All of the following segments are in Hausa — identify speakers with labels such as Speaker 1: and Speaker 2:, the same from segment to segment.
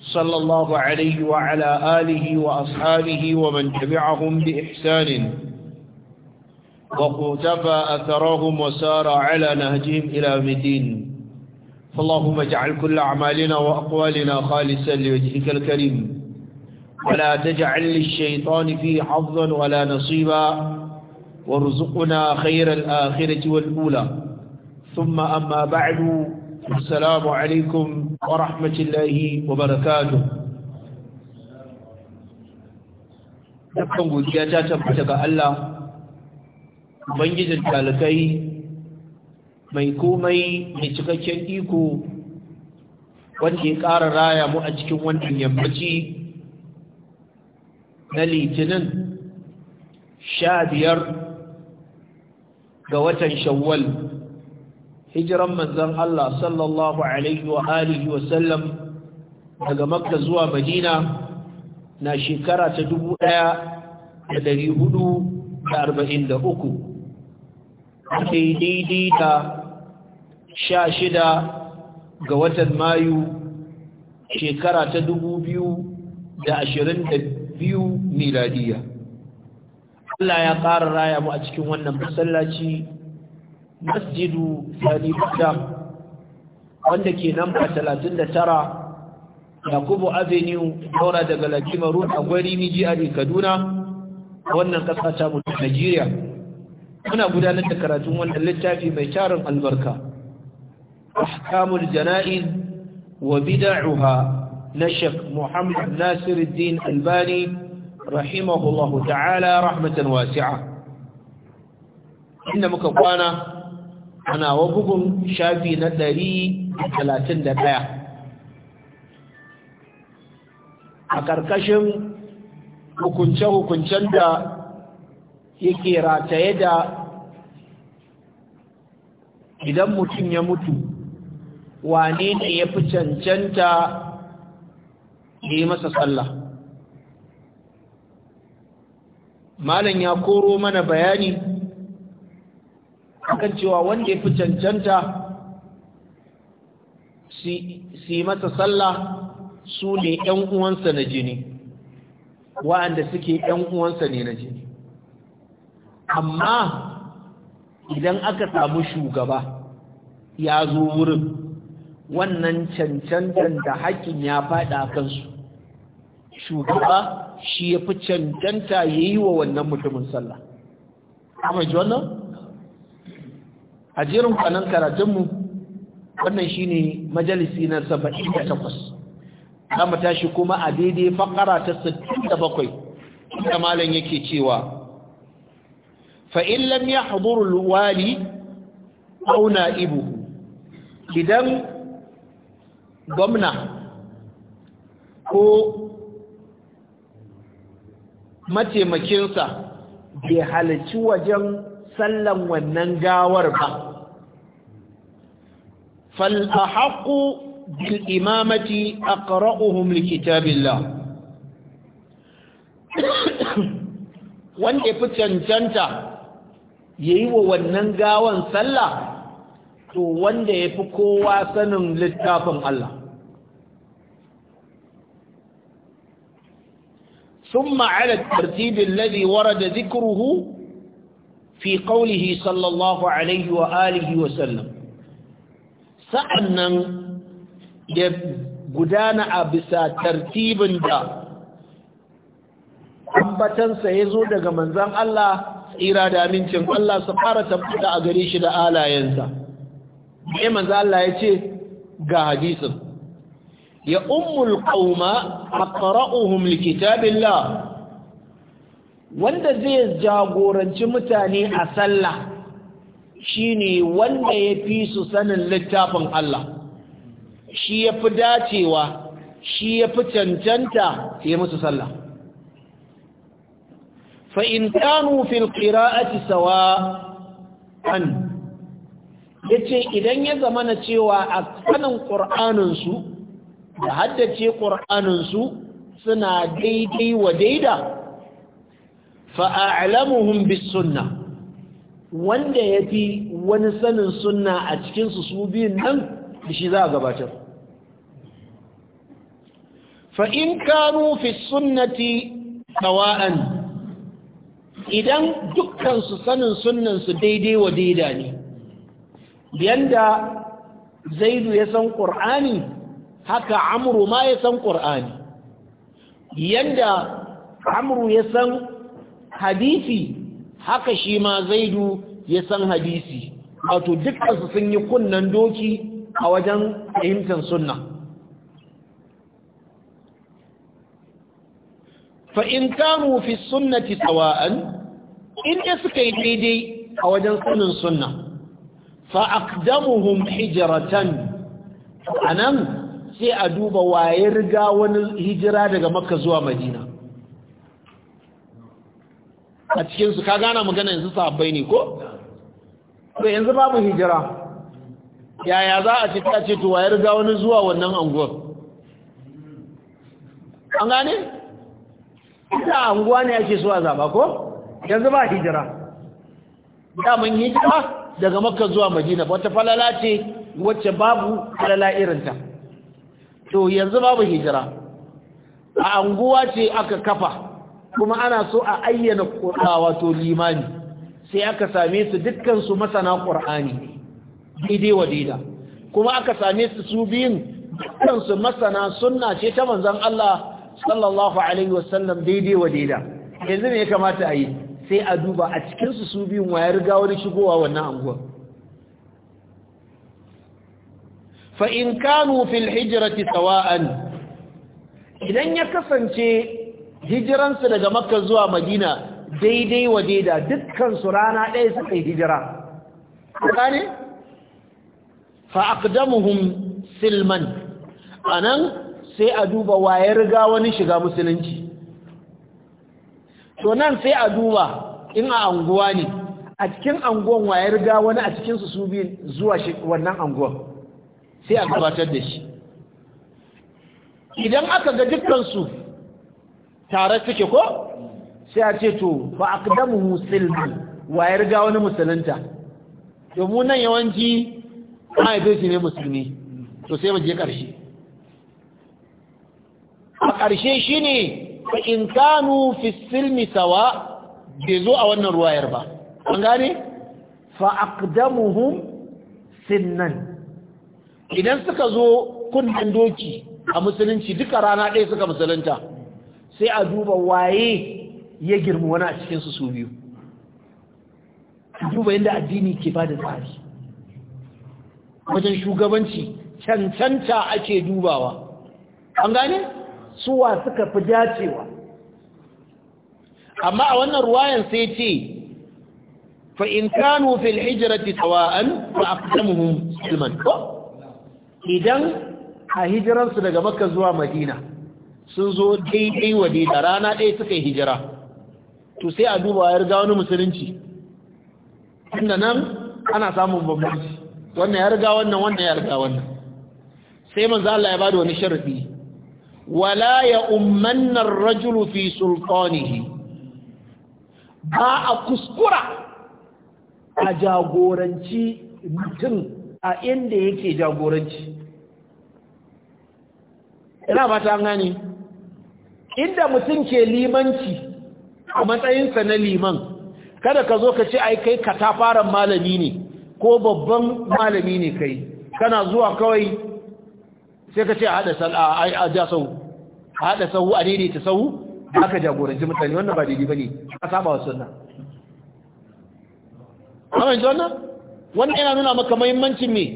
Speaker 1: صلى الله عليه وعلى آله وأصحابه ومن تبعهم بإحسان وقتفى أثرهم وسار على نهجهم إلى مدين فاللهم اجعل كل أعمالنا وأقوالنا خالصا لوجهك الكريم ولا تجعل للشيطان فيه حظا ولا نصيبا وارزقنا خير الآخرة والأولى ثم أما بعد السلام عليكم ورحمة الله وبركاته dukkan godiya ta tabbata ga Allah ubangijin talakai mai komai mai cikakken iko wanda ya ƙara raya mu a cikin wannan yammaci na litinin sha biyar ga watan shawwal hijiran manzon Allah sallallahu alaihi wa alihi daga makka zuwa madina na shekara ta dubu ɗaya da dari hudu da arba'in da uku daidai da sha shida ga watan mayu shekara ta dubu biyu da ashirin da biyu miladiya Allah ya ƙara raya mu a cikin wannan masallaci masjidu sani buddha wanda ke namba 39 yakubu avenue daura daga lakima road a gwari miji a kaduna wannan kasa ta mutu nigeria muna gudanar da karatun wannan littafi mai tarin albarka ahkamul jana'iz wa bid'uha na shek muhammad nasiruddin albani rahimahullahu ta'ala rahmatan wasi'a inda muka kwana ana wa bugun shafi na ɗari talatin da ɗaya a ƙarƙashin hukunce-hukuncen da yake rataye da idan mutum ya mutu wane ne ya fi cancanta ya yi masa sallah malam ya koro mana bayani akan cewa wanda ya fi cancanta su yi masa sallah su ne ‘yan uwansa na jini wa'anda suke ‘yan uwansa ne na jini amma idan aka samu shugaba ya zo wurin wannan cancantan da hakkin ya faɗa kansu shugaba shi ya fi cancanta ya yi wa wannan mutumin sallah. Amma ji a jerin kwanan karatunmu wannan shine majalisi na 78 za mu tashi kuma a daidai fakara ta 67 inda malam yake cewa fa in ya yahduru Luwali auna ibu idan gwamna ko mataimakinsa bai halarci wajen sallan wannan gawar ba fal ahaqu bil imamati aqra'uhum li wanda fi cancanta yayi wa wannan gawan sallah to wanda yafi kowa sanin littafin Allah ثم على الترتيب الذي ورد ذكره fi qawlihi sallallahu alaihi wa alihi wa sallam sa'annan ya gudana a bisa tartibin da ambatansa ya zo daga manzan Allah tsira da amincin Allah su fara tabbata a gare shi da alayensa ya manzan Allah ya ce ga hadisin ya ummul qauma aqra'uhum likitabillah wanda zai jagoranci mutane a sallah shine wanda ya fi su sanin littafin Allah shi ya fi dacewa shi ya fi cancanta ya musu sallah fa'in kanu fil ƙira'ati sawa an ya ce idan ya zama na cewa a sanin ƙur'aninsu da haddace ƙur'aninsu suna daidai wa daida fa’a’alamuhun bis sunna wanda ya fi wani sanin sunna a cikinsu su biyun nan da shi za a gabatar fa in fi sunnati tsawa'an idan dukkansu sanin sunnan su daidai wa daida ne yadda zaidu ya san ƙur'ani haka amru ma ya san qur'ani Yadda amru ya san hadisi haka shi ma zaidu ya san hadisi wato dukkansu sun yi kunnan doki a wajen fahimtar sunna fa'in kanu fi sunnati tsawa'an inda suka yi daidai a wajen sunan sunna fa hijiratan a nan sai a duba waye riga wani hijira daga makka zuwa madina a cikinsu ka gana magana yanzu sahabbai ne ko? to yanzu babu hijira yaya za a ce ta ce to wayar ga wani zuwa wannan anguwa? an gane? ita anguwa ne ake so zaba ko? yanzu ba hijira daman hijira daga makka zuwa madina wata falala ce wacce babu falala irinta to yanzu babu hijira a anguwa ce aka kafa kuma ana so a ayyana ƙura wato limani sai aka same su dukkansu masana ƙur'ani daidai wa daida kuma aka same su su biyun dukkansu masana sunna ce ta manzon Allah sallallahu alaihi wasallam daidai wa daida yanzu ne ya kamata a yi sai a duba a cikinsu su biyun wa ya riga wani shigowa wannan anguwa fa kanu fil hijirati tsawa’an idan ya kasance hijiransu daga makka zuwa madina daidai wa daida dukkansu rana ɗaya suka yi hijira ƙane? fa'aƙdamuhun silman a nan sai a duba waye riga wani shiga musulunci to nan sai a duba in a anguwa ne a cikin anguwan waye riga wani a cikinsu su biyu zuwa wannan anguwan sai a gabatar da shi idan aka ga dukkansu tare suke ko sai a ce to fa aqdamu musulmi wa ya riga wani musulunta to mu nan yawanci ma'aikaci ne musulmi to sai mu je ƙarshe a ƙarshe shi ne ba in kanu fisilmi sawa bai zo a wannan ruwayar ba an gane fa sinnan idan suka zo kunnen doki a musulunci duka rana ɗaya suka musulunta sai a duba waye ya girma wani a cikinsu su biyu duba yadda addini ke ba da tsari wajen shugabanci cancanta ake dubawa an gane suwa suka fi dacewa amma a wannan ruwayan sai ce fa'in kanu fil hijrati tawa'an fa a silman idan a hijirarsu daga makka zuwa madina sun zo daidai wa da rana ɗaya suka yi hijira to sai a duba ya riga wani musulunci inda nan ana samun bambanci wannan ya riga wannan wannan ya riga wannan sai manzo Allah ya bada wani sharadi wala ya ummanna ar rajul fi sulqanihi ba a kuskura a jagoranci mutum a inda yake jagoranci ina ba ta gane inda mutum ke limanci a matsayinsa na liman kada ka zo ka ce ai kai katafaren malami ne ko babban malami ne kai kana zuwa kawai sai ka ce a haɗa sal'a a ja sau a haɗa sau a daidaita sau da aka jagoranci mutane wannan ba daidai ba ne a saba wasu suna amma ji wannan wannan yana nuna maka mahimmancin mai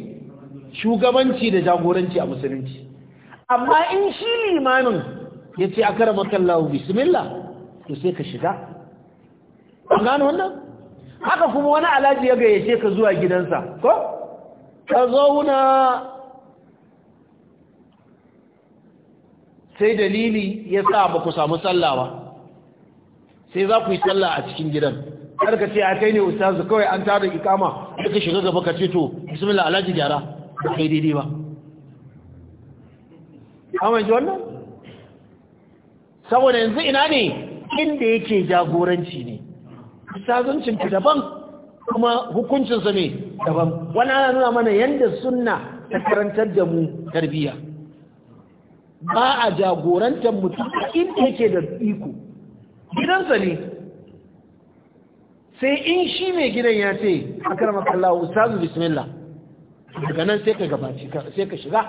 Speaker 1: shugabanci da jagoranci a musulunci amma in shi limanin. ya ce a karama kallahu bismillah to sai ka shiga an gano wannan haka kuma wani alhaji ya gayyace ka zuwa gidansa ko ka zauna sai dalili ya sa ba ku samu sallah ba sai za ku yi sallah a cikin gidan kar ce a kai ne ustazu kawai an tara ikama sai ka shiga gaba ka ce to bismillah alhaji gyara ba kai daidai ba amince wannan saboda yanzu ina ne inda yake jagoranci ne ustazancin ka daban kuma hukuncinsa ne daban wani ana nuna mana yadda sunna ta karantar da mu tarbiyya ba a jagorantar mutum a inda yake da iko gidansa ne sai in shi mai gidan ya ce a karamakallahu ustazu bismillah daga nan sai ka gabaci sai ka shiga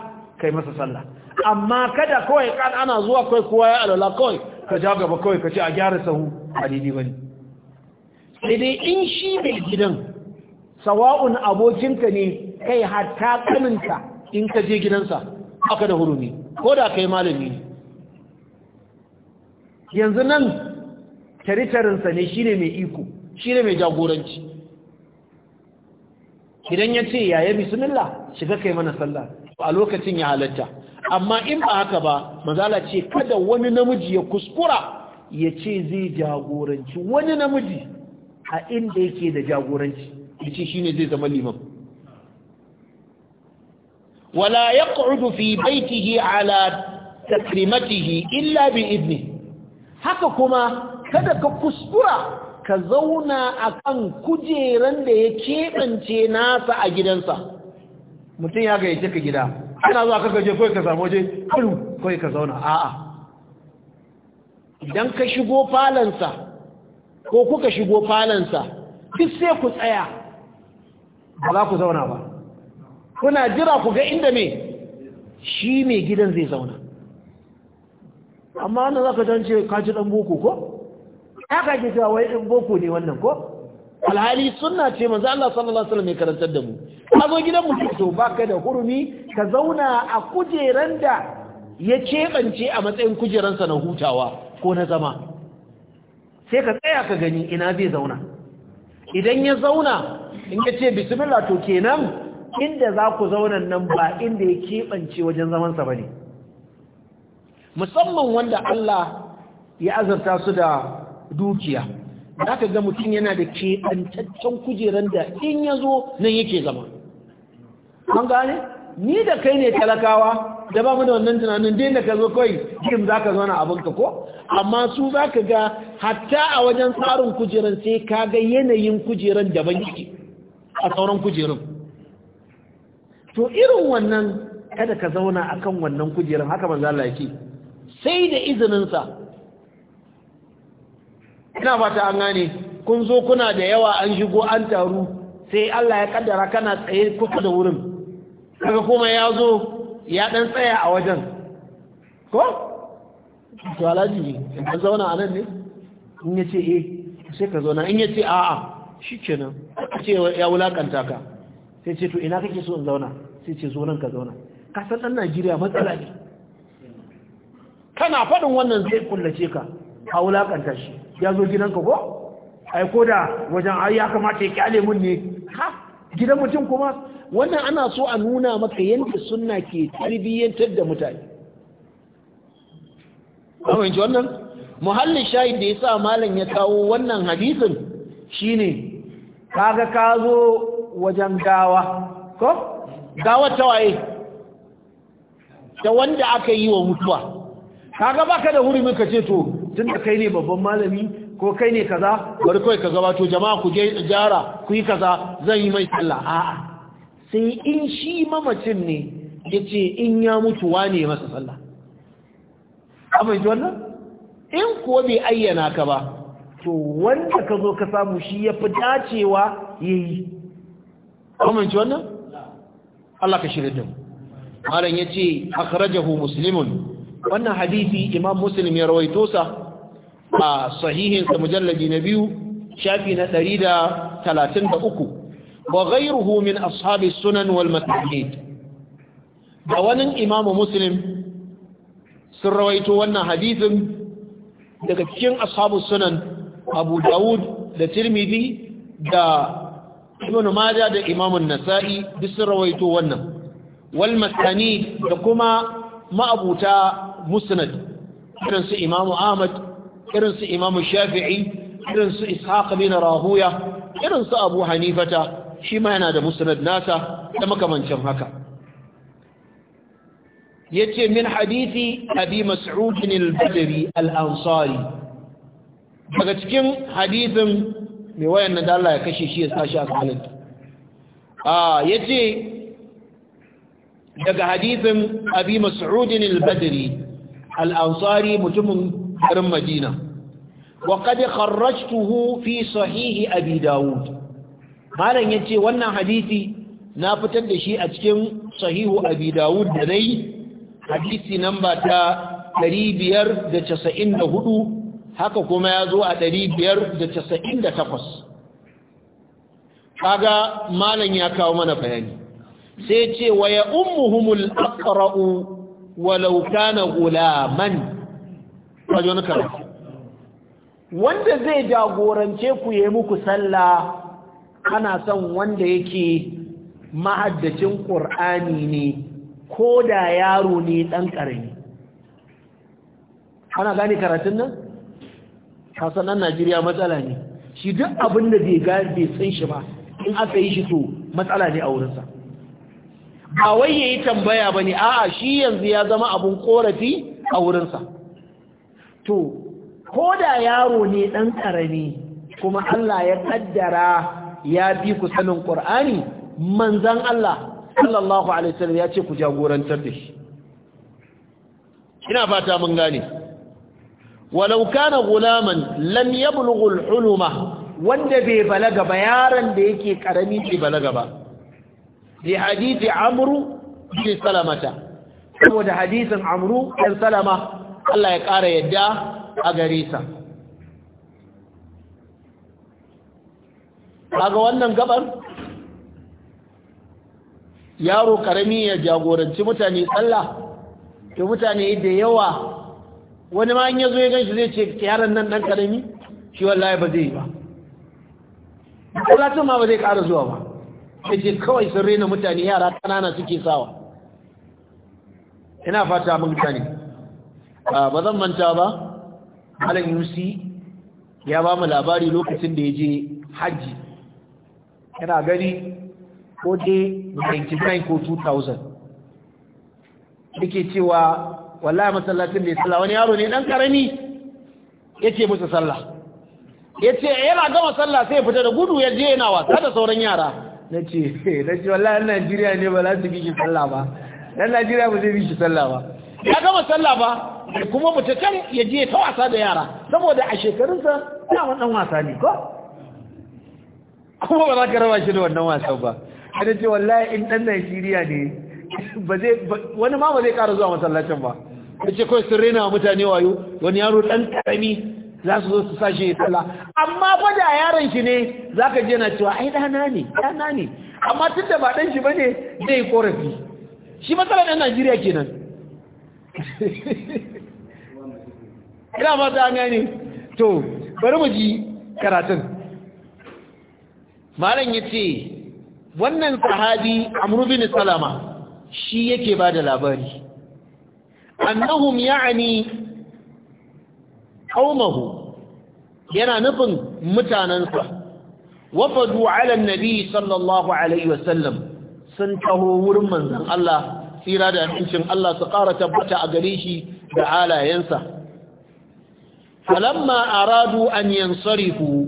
Speaker 1: kai masa sallah amma kada kawai kan ana zuwa kai kowa ya alwala kawai ka ja gaba kawai kace a gyara sahu a bane sai dai in shi mai gidan sawa'un abokinka ne kai hatta ka in ka je gidansa aka da hurumi ko da kai malami ne yanzu nan taritarinsa ne shine mai iko shine mai jagoranci idan ya ce yaya bismillah shiga kai mana sallah a lokacin ya halatta amma in ba haka ba mazala ce kada wani namiji ya kuskura ya ce zai jagoranci wani namiji a inda yake da jagoranci ya ce shi ne zai zama liman wala ya ƙudu fi baitihi ala takrimatihi illa bi idni haka kuma kada ka kuskura ka zauna a kan kujeran da ya keɓance nasa a gidansa mutum ya gayyace ka gida ana zuwa kaka je kawai ka samu waje kawai ka zauna a'a idan ka shigo falansa ko kuka shigo falansa duk sai ku tsaya ba za ku zauna ba kuna jira ku ga inda me shi mai gidan zai zauna amma wannan za ka tance kaji dan boko ko ya kaji cewa wai dan boko ne wannan ko alhali sunna ce manzo Allah sallallahu alaihi wasallam ya karantar da mu ka zo gidan mutum to baka da hurumi ka zauna a kujeran da ya keɓance a matsayin sa na hutawa ko na zama sai ka tsaya ka gani ina zai zauna idan ya zauna in ka ce bismillah to kenan inda za ku zauna nan ba inda ya keɓance wajen zamansa ba ne musamman wanda Allah ya azarta su da dukiya za ka ga mutum yana da keɓantaccen kujeran da in ya zo nan yake zama an gane ni da kai ne talakawa da ba mu da wannan tunanin din da ka zo kawai jim za ka zauna abinka ko amma su za ka ga hatta a wajen tsarin kujeran sai ka ga yanayin kujeran daban yake a sauran kujerun to irin wannan kada ka zauna akan wannan kujeran haka ban Allah yake sai da izininsa ina fata an gane kun zo kuna da yawa an shigo an taru sai Allah ya kaddara kana tsaye kusa da wurin kaga kuma ya zo ya dan tsaya a wajen ko to alaji ka zauna anan ne in ce eh sai ka zauna in ce a'a shikenan ce ya wulakanta ka sai ce to ina kake so in zauna sai ce zo nan ka zauna ka san dan Najeriya matsala ne kana faɗin wannan zai kullace ka a wulakanta shi ya zo gidanka ko ai ko da wajen ai ya kamata ya kyale mun ne ha gidan mutum kuma wannan ana so a nuna maka yadda sunna ke tarbiyyantar da mutane ji wannan muhallin shahid da ya sa malam ya kawo wannan hadisin shine kaga ka zo wajen gawa ko gawa ta waye ta wanda aka yi wa mutuwa kaga baka da hurumin ka ce to tun da kai ne babban malami ko kai ne kaza bari kawai ka gabato jama'a ku je jara ku yi kaza zan yi mai sallah a'a sai in shi mamacin ne ya ce in ya mutu wane masa sallah amince wannan in kuwa bai ayyana ka ba to wanda ka zo ka samu shi ya fi dacewa ya yi amince wannan Allah ka shirya din malam ya ce akhrajahu muslimun wannan hadisi imam muslim ya rawaito sa a sahihin sa mujalladi na biyu shafi na 133 wa ghayruhu min ashabi sunan wal matahid da wani imamu muslim sun rawaito wannan hadithin daga cikin ashabu sunan abu da tirmidhi da ibn majah da imamun nasa'i duk sun rawaito wannan wal da kuma ma'abuta musnad irin su imamu ahmad irin su imamu shafi'i irin su ishaq bin rahuya irin su abu hanifata shi ma yana da musnad nasa da makamancin haka yace min hadisi abi mas'ud al-badri al-ansari daga cikin hadisin mai wayan da Allah ya kashe shi ya sashi a kalanta ah yace daga hadisin abi mas'ud al-badri al-ansari mutumin garin madina وقد خرجته في صحيح أبي داود مالا ينتي وانا حديثي نافتد شيء أتكم صحيح أبي داود لدي حديثي نمبر تا تريبير دا تسعين دا haka kuma ya zo a ɗari biyar da da takwas. kaga malam ya kawo mana bayani sai ce wa ya ummuhumul aqra'u walau kana gulaman kaje wani karatu wanda zai jagorance ku yi muku sallah ana son wanda yake mahaddacin ƙur'ani ne ko da yaro ne ɗan ƙarami ana gane karatun nan? kasanan najeriya matsala ne shi duk abin da zai gane bai san shi ba in aka yi shi to matsala ne a wurinsa ba wai ya yi tambaya ba ne a'a shi yanzu ya zama abin ƙorafi a wurinsa to ko da yaro ne ɗan ƙarami kuma Allah ya ƙaddara ya bi ku sanin ƙur'ani manzan Allah sallallahu alaihi wasallam ya ce ku jagorantar da shi ina fata mun gane walau kana gulaman lam yablughu al-huluma wanda bai balaga ba yaron da yake karami bai balaga ba bi hadisi amru bi salamata saboda hadisin amru ɗan salama Allah ya ƙara yadda a gare sa kaga wannan gabar yaro karami ya jagoranci mutane tsalla to mutane da yawa wani ma ya zo ya shi zai ce yaron nan dan karami shi wallahi ba zai yi ba kullatin ma ba zai ƙara zuwa ba ya ce kawai sun rena mutane yara ƙanana suke sawa ina fata mun gane ba zan manta ba Alan yusi ya ba mu labari lokacin da ya je hajji yana gani ko dai 99 ko 2000 yake cewa wallahi masallacin da ya sallah wani yaro ne ƙarami ya yake musu sallah ce eh, yana gama sallah sai ya fita da gudu ya je yana wasa da sauran yara Na ce eh, nace wallahi Najeriya ne ba za su bi shi sallah ba dan Najeriya ba zai bi shi sallah ba ya gama sallah ba kuma mace kare ya je ta wasa da yara saboda a shekarunsa daman wannan wasa ne ko kuma ba za ka raba shi da wannan wasan ba hada ce wallahi in dan Najeriya ne ba zai wani ma ba zai ƙara zuwa masallacin ba ce kawai sun rena mutane wayo wani yaro dan karami za su zo su sa shi sallah amma ba da yaron shi ne za ka je na cewa ai dana ne dana ne amma tunda ba dan shi bane zai korafi shi matsalar ɗan Najeriya kenan ina mata ta gane to bari mu ji karatun malam yace wannan sahabi amru bin salama shi yake ba da labari annahum ya'ni qaumahu yana nufin mutanansa wafadu ala annabi sallallahu alaihi wasallam sun taho wurin manzon Allah tsira da amincin Allah su ƙara tabbata a gare shi da halayensa falamma aradu an yansarihu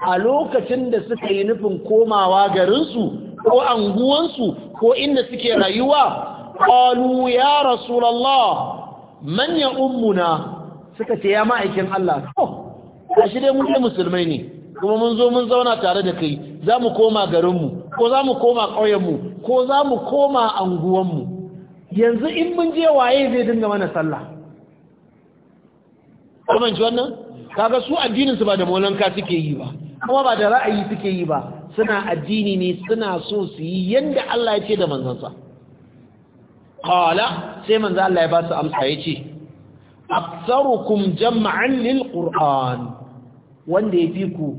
Speaker 1: a lokacin da suka yi nufin komawa garinsu ko anguwansu ko inda suke rayuwa qalu ya rasulullah man ya ummuna suka ce ya ma'aikin Allah to kashi dai mun musulmai ne kuma mun zo mun zauna tare da kai zamu mu koma garinmu ko zamu mu koma ƙauyenmu ko zamu mu koma anguwanmu yanzu in mun je waye zai dinga mana sallah kuma ji wannan kaga su addinin su ba da molanka suke yi ba kuma ba da ra'ayi suke yi ba suna addini ne suna so su yi yanda Allah ya ce da sa qala sai manzo Allah ya ba su amsa yace aktsarukum jam'an lil qur'an wanda yafi ku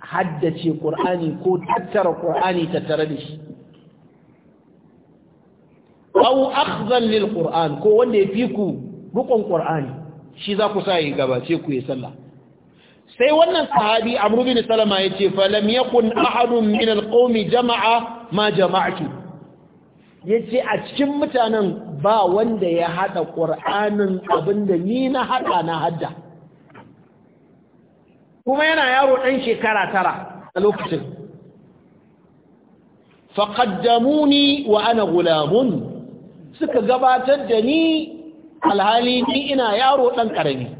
Speaker 1: haddace qur'ani ko tattara qur'ani tattare da shi aw akhdhan lil qur'an ko wanda yafi ku rukun qur'ani shi za ku sa yi gabace ku yi sallah sai wannan sahabi Amurbin bin salama ya ce falam yakun ahadun min alqawmi jama'a ma Ya ce a cikin mutanen ba wanda ya hada qur'anin abinda ni na hada na hadda kuma yana yaro ɗan shekara tara a lokacin faqaddamuni wa ana gulamun suka gabatar da ni alhali ni ina yaro ɗan ƙarami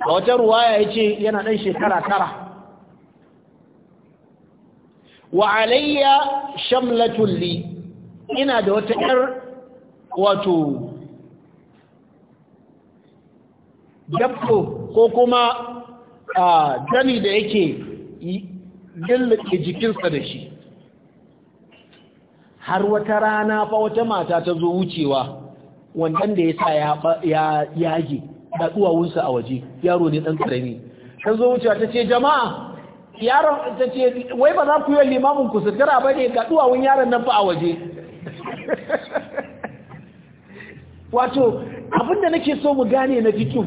Speaker 1: a wata ruwa ya ce yana ɗan shekara tara wa alayya shamlatun li ina da wata ƴar wato dabbo ko kuma a dani da yake lullube jikinsa da shi har wata rana fa wata mata ta zo wucewa wannan da ya sa ya yage da duwawunsa a waje yaro ne dan karami kan zo wucewa ta ce jama'a yaron ta ce wai ba za ku yi limamin ku sutura ba ne ga duwawun yaron nan ba a waje wato abinda nake so mu gane na fitu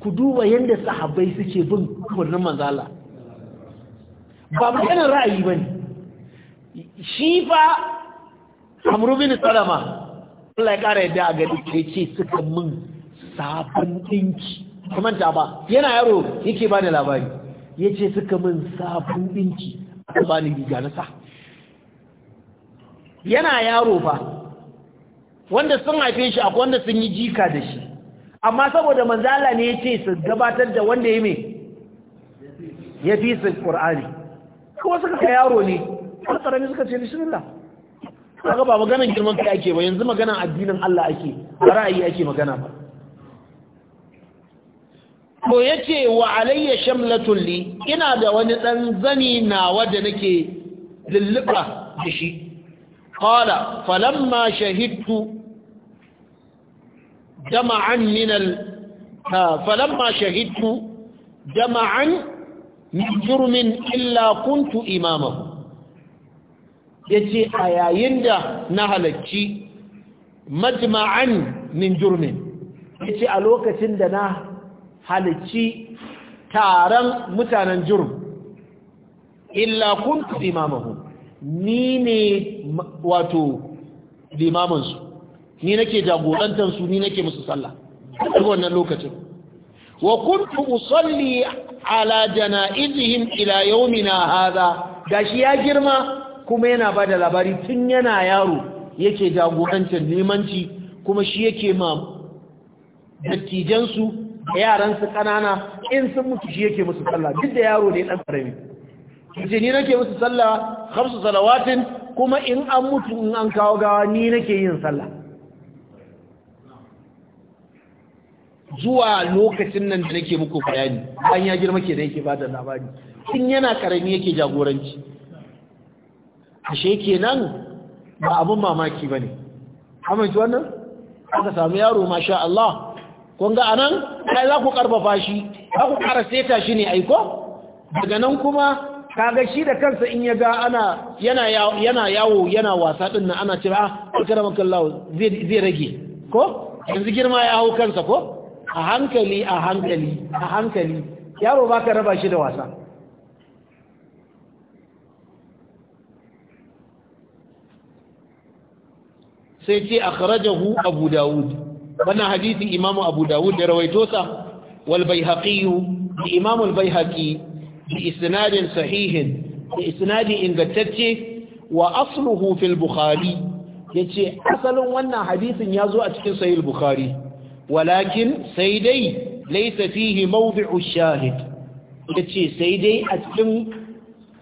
Speaker 1: ku duba yadda sahabbai suke bin kurnin manzala ba maganin ra'ayi ba ne shi fa amru bin salama Allah ya ƙara yadda a gari ke ce suka min sabon ɗinki kamanta ba yana yaro yake ba da labari ya ce suka min sabon ɗinki a ka bani riga na sa yana yaro ba wanda sun haife shi akwai wanda sun yi jika da shi amma saboda manzala ne ya ce su gabatar da wanda ya mai ya fi su ƙur'ani kuma suka ka yaro ne wani ƙarami suka ce bismillah kaga ba maganan girman kai ake ba yanzu maganan addinin Allah ake ba ra'ayi ake magana ba ko yace wa alayya shamlatun li ina da wani dan zani nawa da nake lulluba da shi qala falamma shahidtu jama'an min al falamma shahidtu jama'an min jurmin illa kuntu imamahu ya ce a yayin da na halarci majma'an min jurmin ya ce a lokacin da na halarci taron mutanen jurm illa kuntu imamahu ni ne wato limamansu ni nake jagorantansu ni nake musu sallah duk wannan lokacin wa kuntu usalli ala janaizihim ila yawmina da shi ya girma kuma yana ba da labari tun yana yaro yake jagorancin nemanci, kuma shi yake ma dattijansu da yaransu ƙanana in sun mutu shi yake musu sallah duk da yaro ne ɗan ƙarami yace ni nake musu sallah khamsu salawatin kuma in an mutu in an kawo gawa ni nake yin sallah zuwa lokacin nan da nake muku bayani an ya girma ke da yake ba labari in yana karami yake jagoranci ashe kenan ba abun mamaki bane amma amince wannan aka samu yaro masha Allah kun ga anan kai za ku karbafa shi za ku kara seta shi ne ko? daga nan kuma kaga shi da kansa in yaga ana yana yana yawo yana wasa din nan ana cewa ah zai zai rage ko yanzu girma ya hau kansa ko a hankali a hankali a hankali yaro baka raba shi da wasa sai ce akhrajahu abu dawud wannan hadisi imamu abu dawud da rawaito sa wal baihaqi da imam bai haƙi da isnadin sahihin da isnadin ingantacce wa asluhu fil bukhari yace asalin wannan hadisin zo a cikin sahih bukhari walakin sai dai laysa fihi mawdi'u shahid yace sai dai a cikin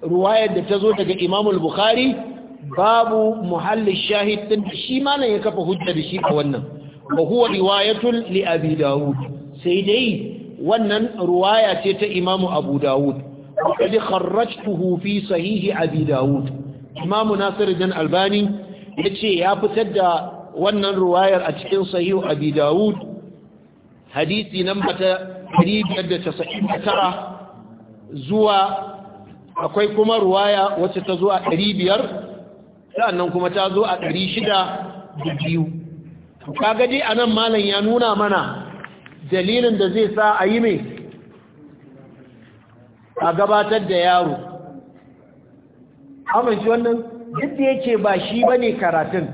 Speaker 1: ruwayar da zo daga imamul bukhari babu muhallin shahid din shi ma nan ya kafa hujja da shi a wannan wa huwa riwayatun li abi daud sai dai wannan riwaya ce ta imamu abu daud qad kharrajtuhu fi sahihi abi daud imamu Nasiru albani yace ya fitar da wannan riwayar a cikin sahihu abi daud hadisi number ta 599 zuwa akwai kuma ruwaya wacce ta zuwa 500 sa'annan kuma ta zo a ɗari shida da biyu Ka dai a nan malam ya nuna mana dalilin da zai sa a yi mai a gabatar da yaro amince wannan duk da yake ba shi ba ne karatun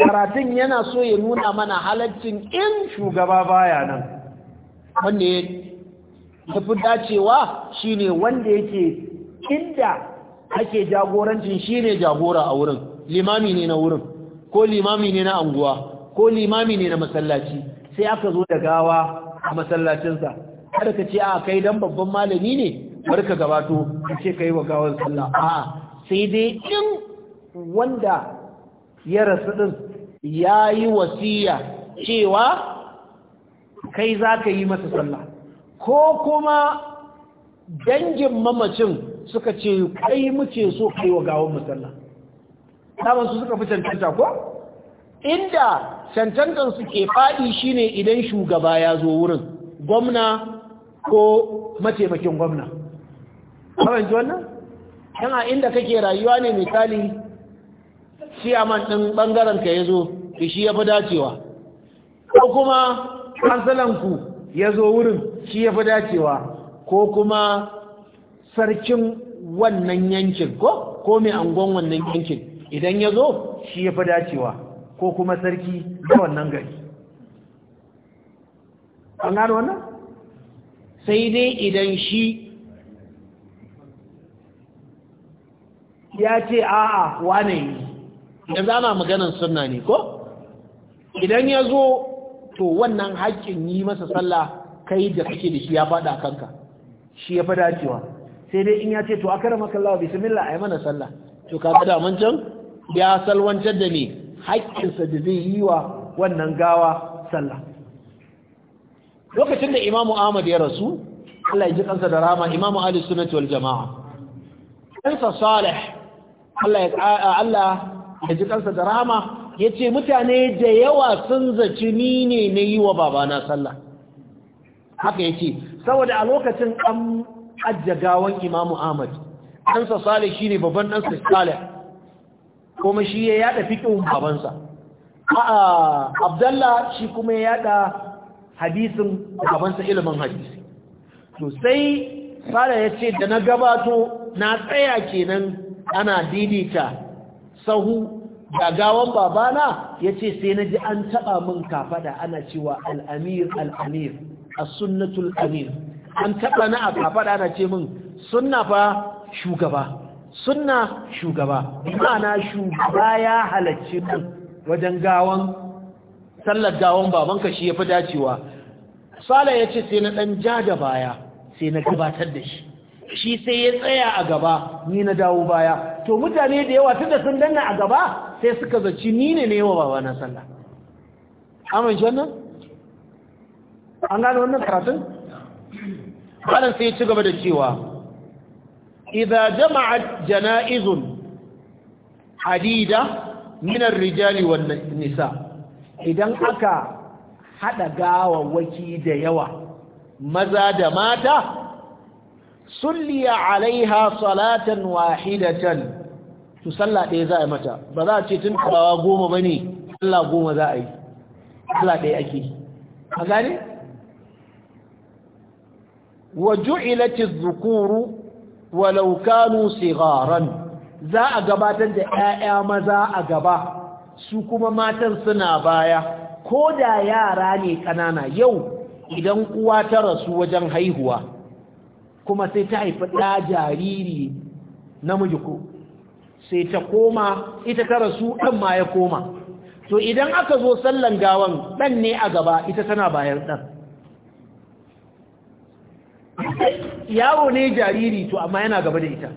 Speaker 1: karatun yana so ya nuna mana halaccin in shugaba baya nan wanda ya tafi dacewa shine wanda yake inda ake jagorancin shine jagora a wurin limami ne na wurin ko limami ne na anguwa ko limami ne na masallaci sai aka zo da gawa a masallacinsa kada ka ce a kai dan babban malami ne barka gabato ka ce kai wa gawar sallah a sai dai in wanda ya rasu din yayi wasiya cewa kai za ka yi masa sallah ko kuma dangin mamacin suka ce kai muke so kai wa gawar masallaci daman su suka fi cancanta ko inda cancantar su ke faɗi shine idan shugaba ya zo wurin gwamna ko mataimakin gwamna ji wannan yana inda kake rayuwa ne misali man ɗin ɓangarenka ka ya zo shi ya fi dacewa ko kuma kansalanku ya zo wurin shi ya fi dacewa ko kuma sarkin wannan yankin ko ko mai angon wannan yankin idan ya zo shi ya fi dacewa ko kuma sarki da wannan gari an gano wannan sai dai idan shi ya ce a'a wane yi za ma maganin suna ne ko idan ya zo to wannan haƙƙin yi masa sallah kai da kake da shi ya faɗa kanka shi ya fi dacewa sai dai in ya ce to a kara makallawa bismillah a yi mana sallah to ka gada mun can ya salwantar da ne haƙƙinsa da zai yi wa wannan gawa sallah lokacin da imamu ahmad ya rasu Allah ya ji kansa da rama imamu ahli sunnati wal jama'a kansa salih Allah ya Allah ya ji kansa da rama yace mutane da yawa sun zaci ni ne na yi wa babana sallah haka yace saboda a lokacin an gawan imamu ahmad kansa salih shine babban ɗansa salih kuma shi ya yada fiqhun babansa a'a abdallah shi kuma ya yada hadisin babansa ilimin hadisi to sai fara ya ce da na gabato na tsaya kenan ana didita sahu gawan babana ya ce sai na ji an taɓa min kafaɗa ana cewa al'amir al'amir a sunnatul amir an taɓa na a kafaɗa ana ce min sunna fa shugaba sunna shugaba ma'ana shugaba ya halarci wajen gawan sallar gawan babanka shi ya fi dacewa sala ya ce sai na ɗan ja da baya sai na gabatar da shi shi sai ya tsaya a gaba ni na dawo baya to mutane da yawa tunda sun danna a gaba sai suka zaci ni ne ne wa baba na sallah amin wannan an gano wannan karatun Malam sai ya ci gaba da cewa إذا جمعت جنائز عديدة من الرجال والنساء إذا أكا haɗa gawawwaki da yawa maza da mata sulliya alaiha salatan wahidatan to sallah ɗaya za a mata ba za a ce tun kawawa goma ba ne sallah goma za a yi sallah ɗaya ake a gane wa ju'ilati dhukuru walau kanu sigaran za a gabatar da ƴaƴa maza a gaba su kuma matan suna baya ko da yara ne kanana yau idan uwa ta rasu wajen haihuwa kuma sai ta haifi ɗa jariri namiji ko sai ta koma ita ta rasu ɗan ma ya koma to idan aka zo sallan gawan ɗan ne a gaba ita tana bayan ɗan yawo ne jariri to amma yana gaba da ita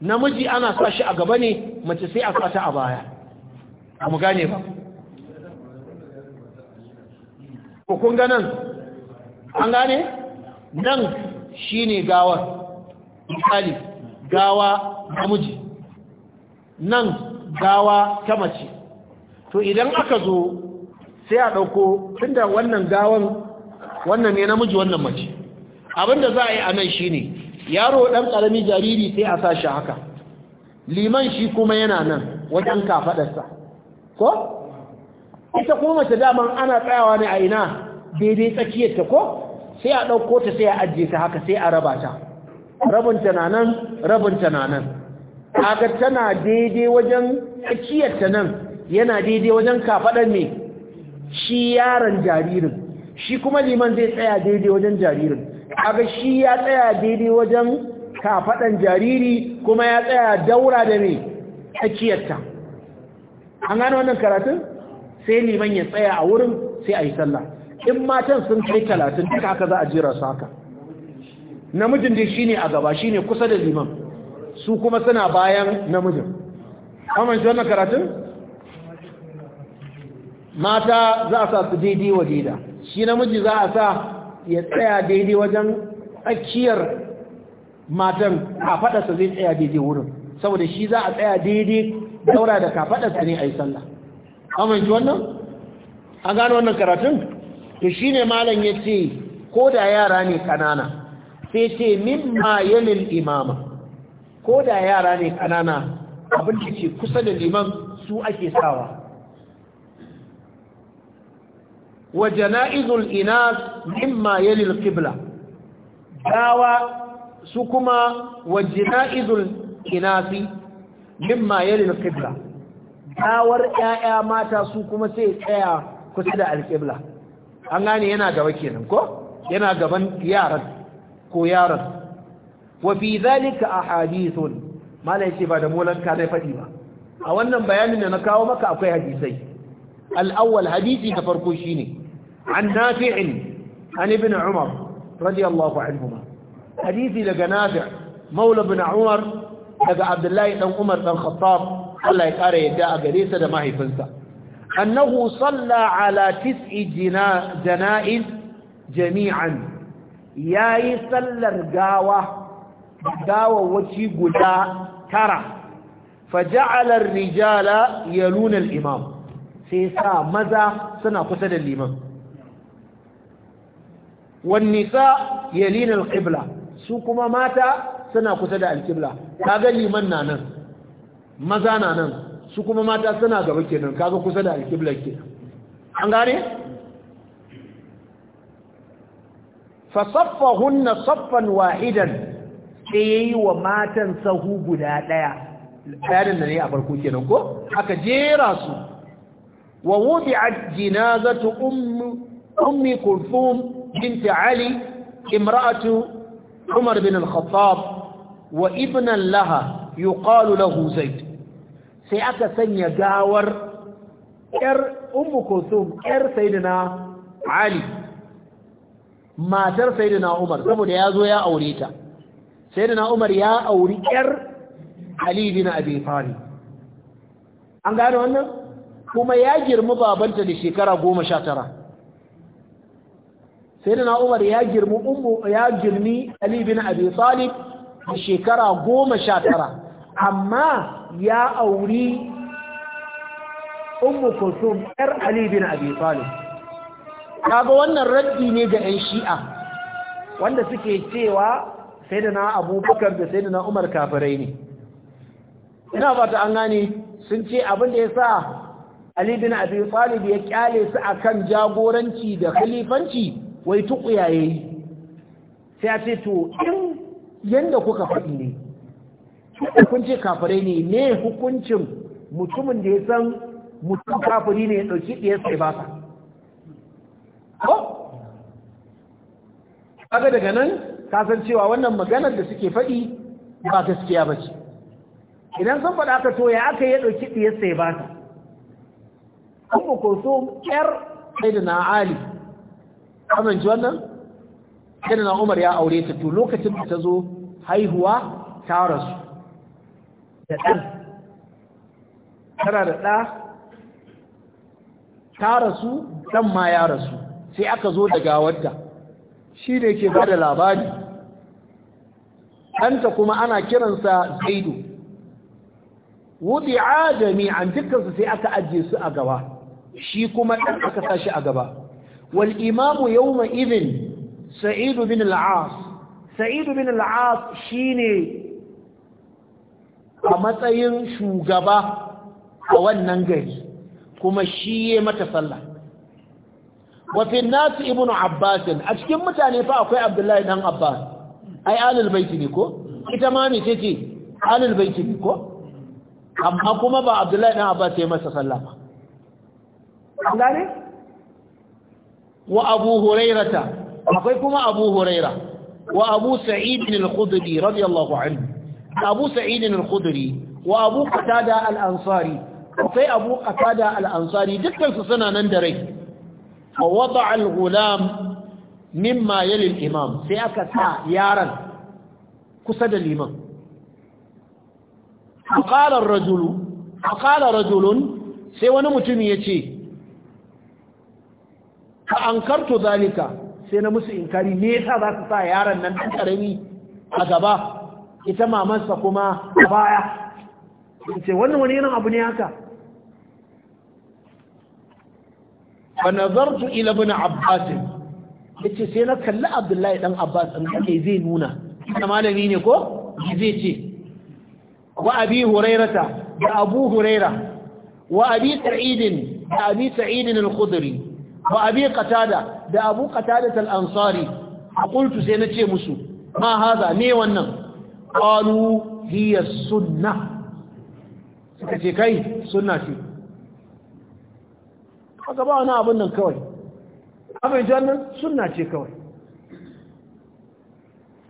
Speaker 1: namiji ana sa shi a gaba ne mace sai a sa a baya a mu gane ba kun ganin an gane nan shine gawar misali gawa namiji nan gawa ta mace to idan aka zo sai a ɗauko tunda wannan gawan wannan ne namiji wannan mace abinda za a yi a nan shi ne yaro ɗan ƙarami jariri sai a sa shi haka liman shi kuma yana nan wajen kafaɗarsa ko? ita kuma mace daman ana tsayawa ne a ina daidai tsakiyarta ko? sai a ɗauko ta sai a ajiye ta haka sai a raba ta rabinta na nan rabinta na nan haka tana daidai wajen tsakiyarta nan yana daidai wajen kafaɗar ne shi yaron jaririn shi kuma liman zai tsaya daidai wajen jaririn kaga shi ya tsaya daidai wajen kafadan jariri kuma ya tsaya daura da mai tsakiyarta an gano wannan karatun sai liman ya tsaya a wurin sai a yi sallah in matan sun kai talatin duka haka za a jira su haka namijin dai shine a gaba shine kusa da liman su kuma suna bayan namijin amma shi wannan karatun mata za a sa su daidai wa daidai shi namiji za a sa ya tsaya daidai wajen tsakiyar matan kafaɗarsa zai tsaya daidai wurin saboda shi za a tsaya daidai daura da kafaɗarsa ne a yi sallah amince wannan A gano wannan karatun to shi ne malam ya ce ko da yara ne kanana sai ce min mayanin imama ko da yara ne kanana abin da ce kusa da liman su ake sawa wa jana'izul inas mimma yali al-qibla dawa su kuma wa jana'izul inasi mimma yali al-qibla dawar ƴaƴa mata su kuma sai tsaya kusa da al-qibla an gane yana gaba kenan ko yana gaban yaran ko yaran wa fi zalika ahadithun malai ce ba da molanka zai faɗi ba a wannan bayanin da na kawo maka akwai hadisai al'awwal hadisi da farko shine عن نافع عن ابن عمر رضي الله عنهما حديثي لقى نافع مولى بن عمر لقى عبد الله بن عمر بن الخطاب الله يقرأ يداء قريسة ده ما هي فنسى أنه صلى على تسع جنائز جميعا ياي صلى قاوة قاوة وشي قداء ترى فجعل الرجال يلون الإمام سيسا ماذا سنة قسد الإمام wan nisa yalina alqibla su kuma mata suna kusa da alqibla kaga liman na nan maza na nan su kuma mata suna gaba kenan kaga kusa da alqibla kenan an gane fasaffahunna saffan wahidan sai yayi wa matan sahu guda daya bayanin da ne a farko kenan ko aka jera su wa wudi'at jinazatu ummu أم كلثوم بنت علي امرأة عمر بن الخطاب وابنا لها يقال له زيد سيأكا سنيا جاور ار أم كلثوم ار سيدنا علي ما تر سيدنا عمر سمو ديازو يا أوليتا سيدنا عمر يا أولي ار علي بن أبي طالب أنقالوا أنه kuma ya girma babanta da shekara goma sha tara سيدنا Umar ya جرم ummu ya girmi Ali bin Abi طالب shekara goma sha tara amma ya auri ummu علي yar Ali bin Abi kaga wannan raddi ne ga 'yan shi'a wanda suke cewa sayyidina Abubakar da sayyidina Umar kafirai ne ina fata an gane sun ce abin da sa Ali bin Abi Talib ya kyale su akan jagoranci da khalifanci wai tuƙuya yayi sai a ce to in yadda kuka faɗi ne kun kafirai ne ne hukuncin mutumin da ya san mutum kafiri ne ya ɗauki ɗiyar sai ba ka daga nan kasan cewa wannan maganar da suke faɗi ba gaskiya ba ce idan sun faɗa ka to ya aka ya ɗauki ɗiyar sai ba ka an ko so ƙyar sai da na kamar ji wannan sai na umar ya aure ta to lokacin da ta zo haihuwa ta rasu da ɗan tana da ɗa ta rasu ɗan ma ya rasu sai aka zo da gawarta shi ne ke ba da labari ɗanta kuma ana kiransa zaidu wuɗi a jami'an dukkansu sai aka ajiye su a gaba shi kuma ɗan aka sa a gaba wal imamu yawma idhin sa'id bin al-aas sa'id bin al-aas shine a matsayin shugaba a wannan gari kuma shi ya mata sallah wafin nasu ibn abbasin a cikin mutane fa akwai abdullahi dan abbas ai alil baiti ne ko ita ma ne ce ce alil baiti ne ko amma kuma ba abdullahi dan abbas ya masa sallah ba an gane wa abu hurairata akwai kuma abu huraira wa abu sa'id al-khudri radiyallahu anhu abu sa'id al-khudri wa abu qatada al-ansari akwai abu qatada al-ansari dukkan su suna nan da rai fa wada'a al-ghulam mimma yali al-imam sai aka sa yaran kusa da liman qala ar-rajulu qala rajulun sai wani mutum yace Ka fa ankartu zalika sai na musu inkari me yasa za su sa yaron nan dan ƙarami a gaba ita mamansa kuma a baya ce wannan wani irin abu ne haka fa nazartu ila ibn Ya ce sai na kalli abdullahi dan abbas an kake zai nuna ina malami ne ko zai ce wa abi hurairata da abu huraira wa abi sa'id da abi sa'id al-khudri wa abi qatada da abu qatada al-ansari qultu sai nace musu ma haza ne wannan qalu hiya sunna
Speaker 2: suka ce kai
Speaker 1: sunna ce kaga ba wani abin nan kawai abin jannan sunna ce kawai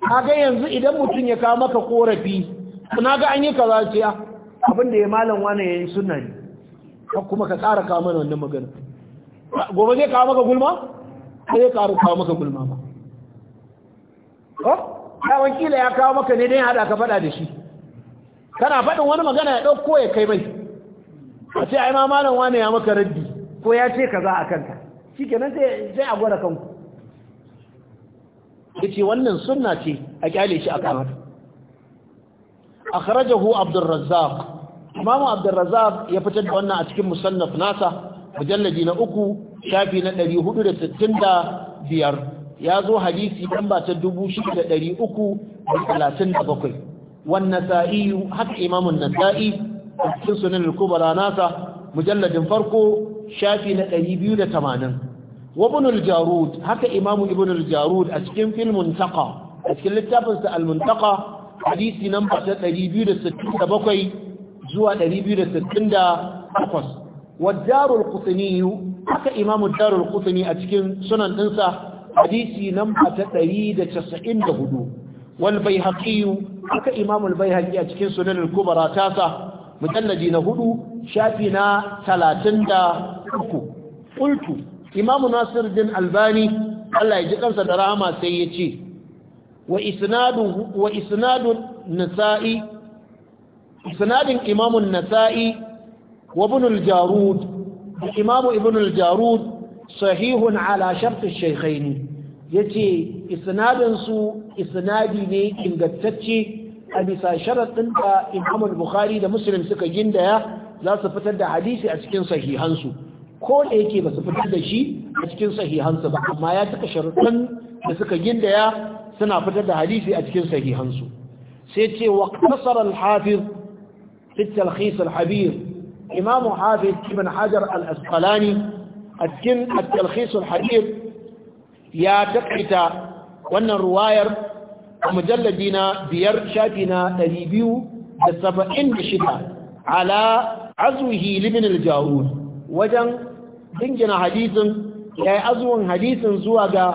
Speaker 1: kaga yanzu idan mutum ya kawo maka korafi na ga an yi kaza ce ah, abin da ya malam wani ya yi sunna ne kuma ka tsara kawo mana wannan magana gobe zai kawo maka gulma zai kawo maka gulma ba ko kila ya kawo maka ne don hada ka fada da shi kana faɗin wani magana ya ɗauko ya kai mai a ce a ma malam wane ya maka raddi ko ya ce ka za a kanta? shikenan nan zai a gwada kanku ce wannan sunna ce a kyale shi a kamar. a kharajahu abdurrazzaq imamu abdurrazzaq ya fitar da wannan a cikin musannaf nasa Mujallaji na uku shafi na ɗari hudu da sittin da biyar ya zo hadisi ɗan ba ta dubu shida da ɗari uku da talatin da bakwai wannan sa'iyu haka imamun sa'i a cikin sunan al nasa mujalladin farko shafi na ɗari biyu da tamanin wabunul jarud haka imamu ibnul jarud a cikin filmun taƙa, a cikin littafinsa al-muntaka hadisi namba ta bakwai zuwa ɗari biyu da da sittin 268 wadarul qutni haka imamu darul qutni a cikin sunan ɗinsa hadisi namba ta 194 wal baihaqi haka imamu al baihaqi a cikin sunan al kubra tasa mujalladi na hudu shafi na 33 qultu imamu nasir din albani Allah ya ji kansa da rama sai ya ce wa isnadu wa isnadun nasa'i isnadin imamun nasa'i وابن الجارود الإمام ابن الجارود صحيح على شرط الشيخين يتي إسناد سو إسنادي ني إن قدتتي أبسا شرط Bukhari إمام البخاري دا مسلم سكا جندا لا سفتد حديثي أسكن صحيحان سو ko da yake ba su fitar da shi a cikin sahihansu ba amma ya cika sharuɗan da suka gindaya suna fitar da hadisi a cikin sahihansu sai ce wa hafiz habir imamu hafiz ibn hajar al-asqalani a cikin at-talkhisul hadith ya takaita wannan ruwayar a biyar shafina na ɗari biyu da saba'in da shida ala azuhi libin al wajen dingina hadisin ya yi azuwan hadisin zuwa ga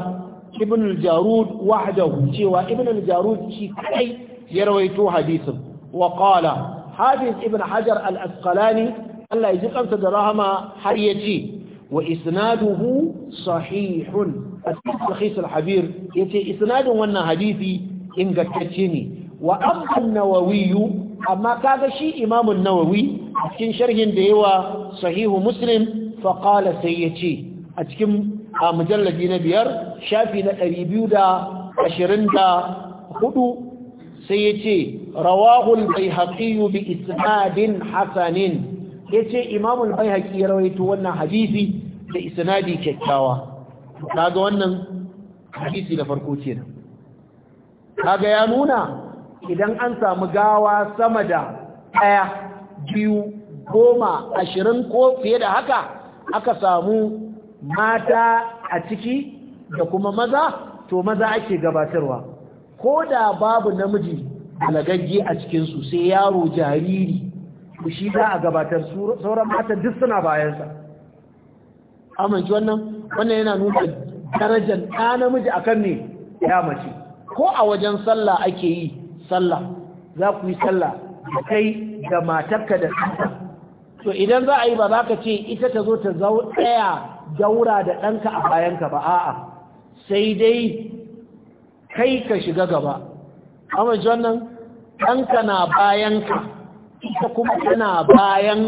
Speaker 1: ibn jarud wahdahu cewa ibn al-jarud shi kai ya rawaito hadisin wa qala hafiz ibn hajar al-asqalani Allah ya ji kansa da rahama har ya ce wa isnaduhu sahihun a cikin sahih al-habir yace isnadin wannan hadisi ingantacce ne wa amma nawawi amma kaga shi imamu nawawi a cikin sharhin da yawa sahihu muslim fa qala sai yace a cikin mujalladi na biyar shafi na 224 sai yace rawahu al-baihaqi bi isnadin hasanin ya ce imamul haihaki ya rawaito wannan hadisi da isnadi kyakkyawa kaga wannan hadisi da farko kenan kaga ya nuna idan an samu gawa sama da ɗaya biyu goma ashirin ko fiye da haka aka samu mata a ciki da kuma maza to maza ake gabatarwa ko da babu namiji alagagge a cikinsu sai yaro jariri to shi za a gabatar sauran matan duk suna bayansa amince wannan wannan yana nuna darajar ɗa namiji akan ne ya mace ko a wajen sallah ake yi sallah za ku yi sallah da kai da matarka da ɗanka to idan za a yi ba za ka ce ita ta zo ta tsaya daura da ɗanka a bayanka ba a'a sai dai kai ka shiga gaba amince wannan ɗanka na bayan ka. ita kuma tana bayan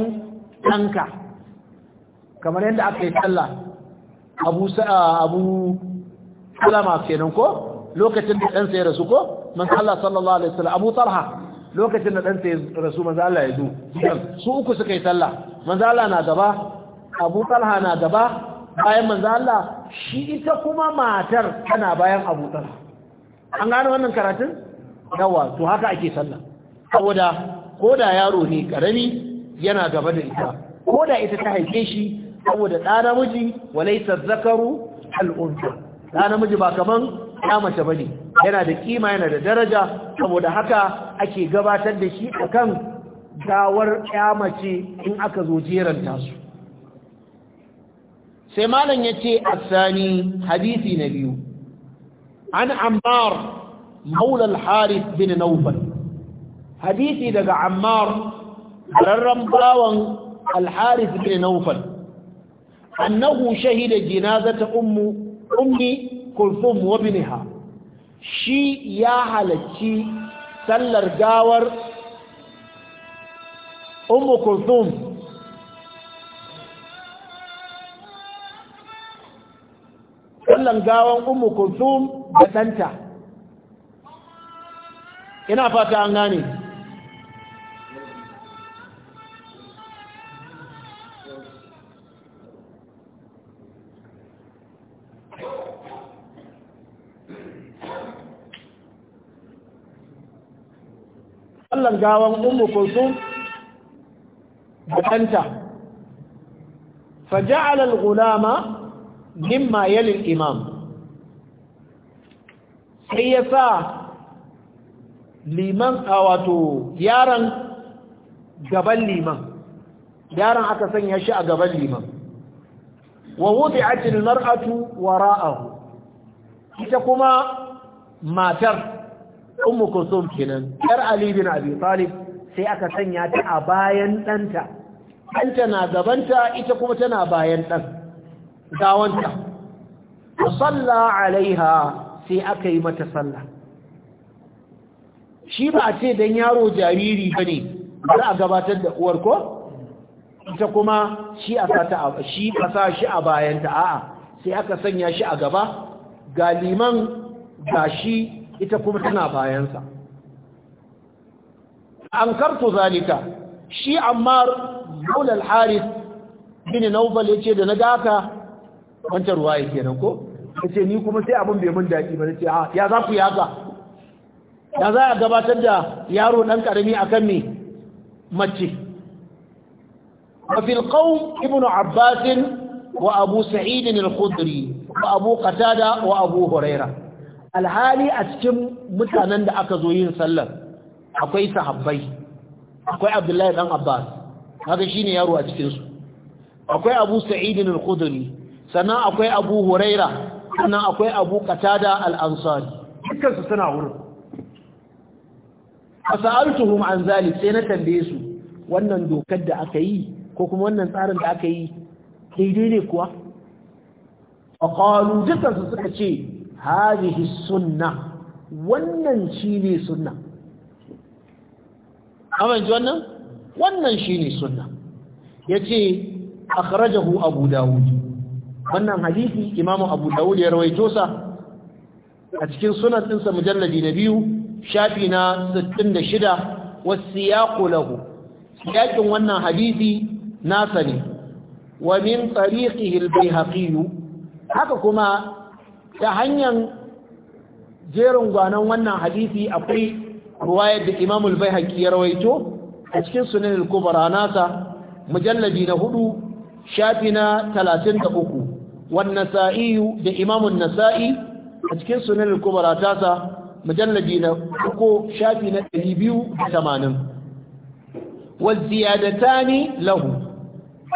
Speaker 1: ɗanka kamar yadda aka yi sallah abu salama kenan ko lokacin da ɗansa ya rasu ko man Allah sallallahu alaihi wasallam abu talha lokacin da ɗansa ya rasu manzo Allah ya zo su uku suka yi sallah manzo Allah na gaba abu talha na gaba bayan manzo Allah shi ita kuma matar tana bayan abu talha an gano wannan karatun yawa to haka ake sallah saboda ko da yaro ne karami yana gaba da ita ko da ita ta haife shi saboda ɗa namiji walaisa zakaru al'umma, ɗa namiji ba kaman ya mace bane yana da kima yana da daraja saboda haka ake gabatar da shi kan gawar ya mace in aka zo jeranta su sai malam ya yace asani hadisi na biyu an ambar maula al bin nawfal hadisi daga ammar rarran bawan al-harith bin nawfal annahu shahida jinazata ummu ummi kulthum wa binha shi ya halacci sallar gawar ummu kulthum sallan gawan ummu kulthum da danta ina fata an gane sallan gawan ummu kulsum da ɗanta faja'ala al-ghulama mimma yali al-imam sai ya sa liman wato yaron gaban liman yaron aka sanya shi a gaban liman wa wudi'at al-mar'atu wara'ahu ita kuma matar ummu kusum kenan yar ali bin abi talib sai aka sanya ta a bayan ɗanta ɗanta na gabanta ita kuma tana bayan ɗan gawanta salla alaiha sai aka yi mata salla shi ba a ce dan yaro jariri ba ne za a gabatar da uwar ko ita kuma shi a sa shi a bayanta a'a sai aka sanya shi a gaba Galiman gashi. ita kuma tana bayansa an karto zalika shi ammar maula al-haris bin naubal yace da naga daka. wancan ruwaya kenan ko yace ni kuma sai abin bai mun daki ba nace a ah, ya za ku yaka ya za a gabatar da yaro dan karami akan me mace وفي القوم ابن عباس وأبو سعيد الخدري وأبو قتادة وأبو هريرة alhali a cikin mutanen da aka zo yin sallar akwai sahabbai akwai abdullahi dan abbas haka shine yaro a cikin su akwai abu sa'idin al-khudri sannan akwai abu huraira sannan akwai abu qatada al-ansari dukkan su suna wurin fasaltuhum an zalik sai na tambaye su wannan dokar da aka yi ko kuma wannan tsarin da aka yi daidai ne kuwa aqalu ƙalu dukansu suka ce hadhihi sunna wannan shine sunna amma ji wannan wannan shine sunna yace akhrajahu abu Dawudi. wannan hadisi imamu abu Dawudi, ya rawaito sa a cikin sunan ɗinsa mujalladi na biyu shafi na 66 ya kulahu. yakin wannan hadisi nasa ne wa min tariqihi hilbe haƙiyu. haka kuma ta hanyar jerin gwanon wannan hadisi akwai ruwayar da Imam bai haƙi ya rawaito a cikin Sunan al nasa mujallabi na hudu shafi na uku wannan sa'iyu da imamun nasai a cikin Sunan al-Kubra tasa mujallabi na uku shafi na ɗari biyu da tamanin. 280 ta ziyadatani lahu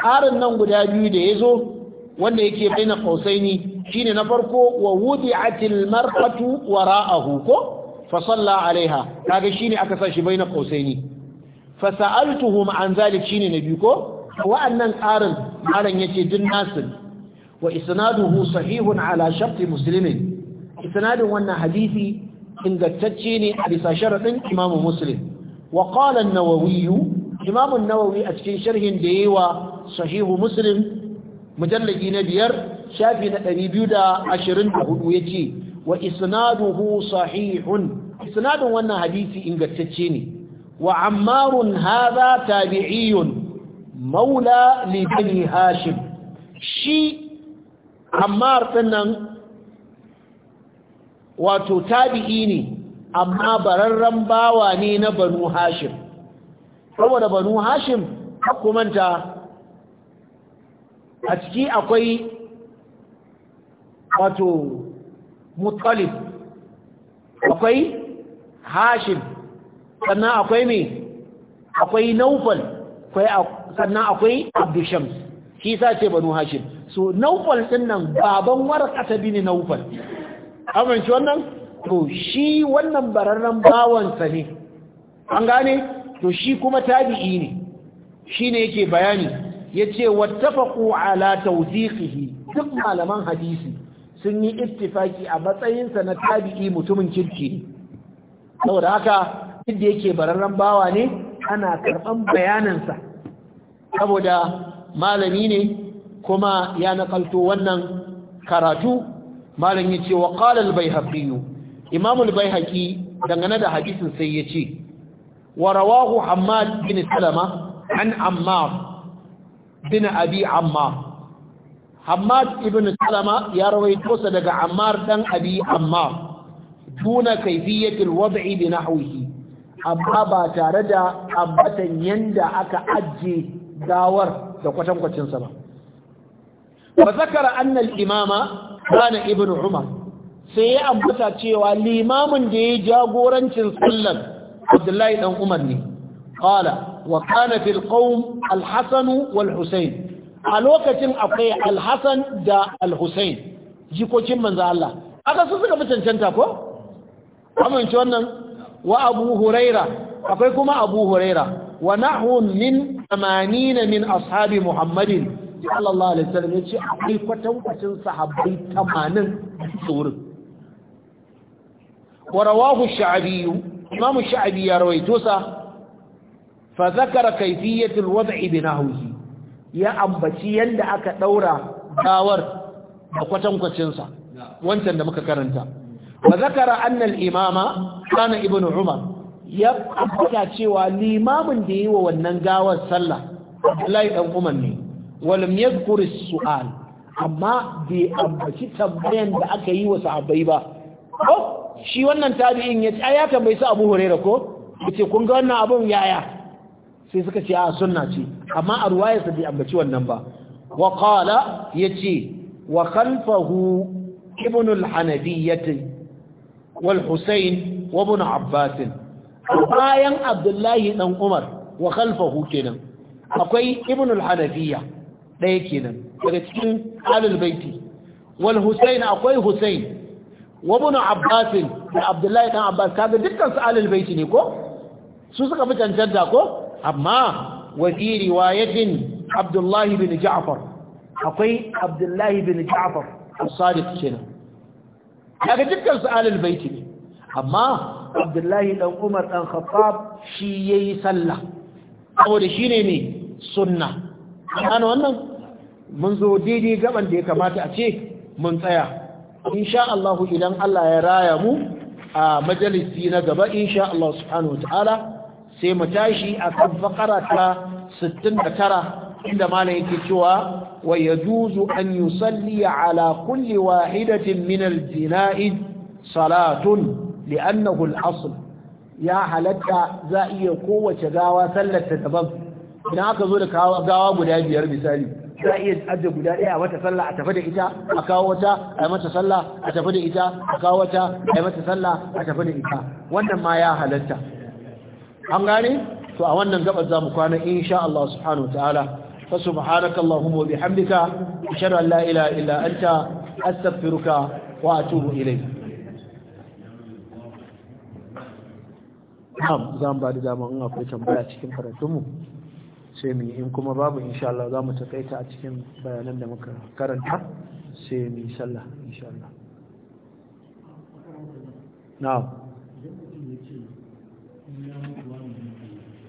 Speaker 1: ƙarin nan guda biyu da ya zo. wanda yake baina qausaini shine na farko wa wudi'atil mar'atu wara'ahu ko fa salla alaiha kaga shine aka sa shi baina qausaini fa sa'altuhum an zalik shine na biyu ko wa'annan qarin malan yace din nasir wa isnaduhu sahihun ala shart muslimin isnadin wannan hadisi ingantacce ne a bisa sharadin imamu muslim wa qala an-nawawi imamu an-nawawi a cikin sharhin da yayi wa sahihu muslim mujallagi na biyar shafi na da ya yace wa isnaduhu sahihun isnadun wannan hadisi ingantacce ne wa ammarun haza tabi'iyun maula li bani hashim shi ammar dinnan wato tabi'i ne amma bararren bawa ne na banu hashim saboda banu hashim manta a ciki akwai wato mutalib akwai hashim sannan akwai me akwai naufal sannan akwai abdushams shi sa ce banu hashim so naufal sun nan baban kasa bi ne naufal amince wannan to shi wannan bararren bawansa ne an gane to shi kuma tabi'i ne shi ne yake bayani Ya yace wattafaqu ala tawdiqihi duk malaman hadisi sun yi ittifaki a matsayinsa na tabi'i mutumin kirki saboda haka duk yake bararran bawa ne ana karban bayanansa saboda malami ne kuma ya nakalto wannan karatu malam yace wa qala al-baihaqi imam al-baihaqi dangane da hadisin sai yace wa rawahu hammad bin salama an ammar bin abi amma hamad ibn salama ya rawaito sa daga ammar dan abi amma duna kaifiyatul wad'i bi nahwihi amma ba tare da ambatan yanda aka ajje gawar da kwacin sa ba wa zakara anna al-imama kana ibn umar sai ya ambata cewa limamin da ya jagorancin sallar abdullahi dan umar ne قال وكان في القوم الحسن والحسين a lokacin akwai alhassan da alhussein jikokin manza Allah aka su suka fi cancanta ko? amince wannan wa abu huraira akwai kuma abu huraira wa nahun min amanina min ashabi muhammadin sallallahu alaihi wasallam yace akwai kwatankwacin sahabbai tamanin tsorin wa rawahu sha'abi imamu sha'abi ya rawaito sa fa zakara kayfiyatul wad'i binahwihi ya ambaci yanda aka daura gawar da kwatankwacin sa wancan da muka karanta wa anna al-imama kana ibnu umar ya ambata cewa limamin da yayi wa wannan gawar sallah Abdullahi dan Umar ne walam yadhkur as-su'al amma bai ambaci tambayan da aka yi wa sahabbai ba shi wannan tabi'in ya ce ai ya tambayi su Abu Hurairah ko yace kun ga wannan abun yaya sai suka ce a ah, sunna ce amma a ruwayarsa bai ambaci wannan ba wa ya ce, wa khalfahu ibn al-hanabiyyah wal husayn wa Abbasin. abbas bayan abdullahi dan umar wa khalfahu kenan akwai ibn al ɗaya kenan daga cikin alul baiti wal husayn akwai Husain, wa ibn abbas da abdullahi dan abbas kaga dukkan su alul baiti ne ko su suka fi cancanta ko amma wa fi riwayatin Abdullah bin Ja'far akwai Abdullah bin Ja'far as-Sadiq kenan daga dukkan su alal baiti ne amma Abdullah dan Umar dan Khattab shi yayi sallah saboda shine ne sunna ana wannan mun zo daidai gaban da ya kamata a ce mun tsaya insha Allah idan Allah ya raya mu a majalisi na gaba insha Allah subhanahu sai mu tashi a kan fakara ta 69 inda malam yake cewa wa yajuzu an yusalli ala kulli wahidatin min al-jina'id salatun li'annahu al-asl ya halatta za iya kowace gawa sallar ta daban idan aka zo da gawa guda biyar misali za iya adda guda ɗaya a wata sallah a tafi da ita a kawo wata a mata sallah a tafi da ita a kawo wata a mata sallah a tafi da ita wannan ma ya halatta an gane to a wannan gabar zamu kwana insha Allah subhanahu wataala fa subhanaka allahumma wa bihamdika ashhadu an la ilaha illa anta astaghfiruka wa atubu ilayk Na'am zan ba da dama in akwai tambaya cikin karatunmu sai mu in kuma babu insha Allah za mu takaita a cikin bayanan da muka karanta sai mu sallah insha Allah. Na'am.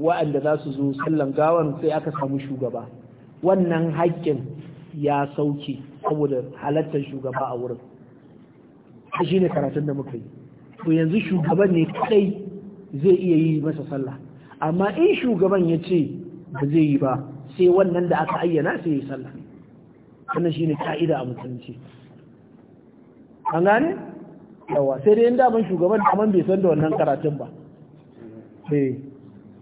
Speaker 1: wa'anda za su zo sallan gawan sai aka samu shugaba wannan haƙƙin ya sauke saboda halattar shugaba a wurin a shi ne karatun da muka yi to yanzu shugaban ne kadai zai iya yi masa sallah amma in shugaban ya ce ba zai yi ba sai wannan da aka ayyana sai yi sallah wannan shi ne ka'ida a mutunci an gane yawa sai dai yin daman shugaban daman bai san da wannan karatun ba eh.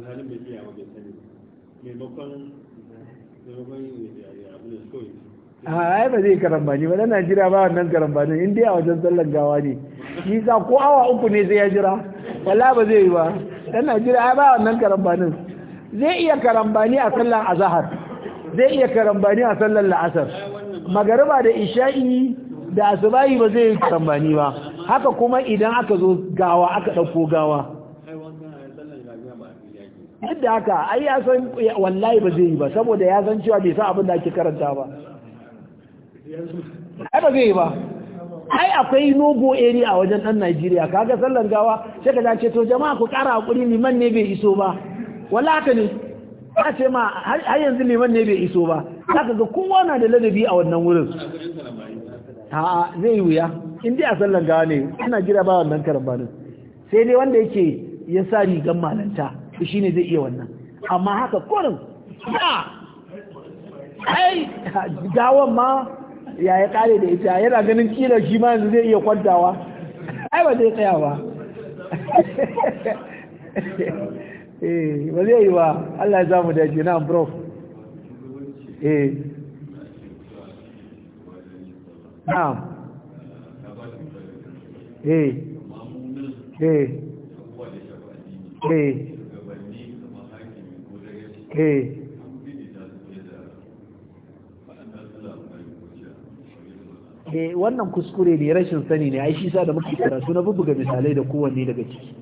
Speaker 3: alhalin bai iya wajen sani maimakon maimakon yin abu
Speaker 2: da
Speaker 1: ai ba zai karambani ba na Najeriya ba wannan karambani in dai a wajen sallan gawa ne shi ko awa uku ne sai ya jira wala ba zai yi ba dan Najeriya ai ba wannan karambanin zai iya karambani a sallan azahar zai iya karambani a sallan la'asar magariba da isha'i da asubahi ba zai yi karambani ba haka kuma idan aka zo gawa aka dauko gawa duk da haka ai ya san wallahi ba zai yi ba saboda ya san cewa bai san abin da ake karanta ba ai ba zai yi ba ai akwai nogo eri a wajen dan Najeriya kaga sallan gawa sai ka ce to jama'a ku kara hakuri liman ne bai iso ba wala haka ne ka ce ma har yanzu liman ne bai iso ba kaga ga kowa na da ladabi a wannan wurin a'a zai wuya in dai a sallan gawa ne ina jira ba wannan karambanin sai dai wanda yake ya sa rigan malanta shi ne zai iya wannan amma haka kurin ya ai gawan ma ya ya kare da ita yana ganin kila shi ma yanzu zai iya kwantawa ai ba zai tsaya ba eh ba zai yi ba Allah ya zamu dace na prof eh
Speaker 3: na eh eh eh Eh.
Speaker 1: eh wannan kuskure ne rashin sani ne ai shi sa da muke kira na bubuga misalai da kowanne daga ciki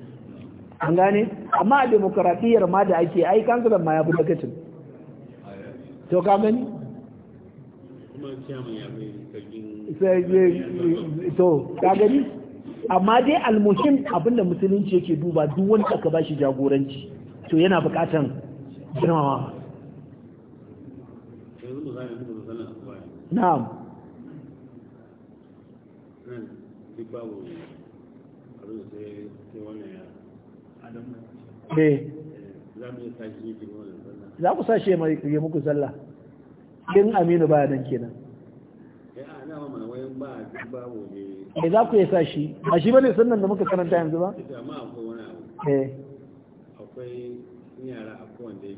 Speaker 1: an gane amma a demokaradiyyar ma da ake ai kansulan ma ya fi lokacin to ka gani
Speaker 3: to ka gani
Speaker 1: amma dai almuhim abinda musulunci yake duba duk wani aka bashi jagoranci to yana bukatan girmama na'am eh. za ku sashe shi mai yi muku zalla in aminu ba nan kenan eh za ku yi sa a shi bane sannan da muka karanta yanzu ba
Speaker 3: eh akwai yara a kowane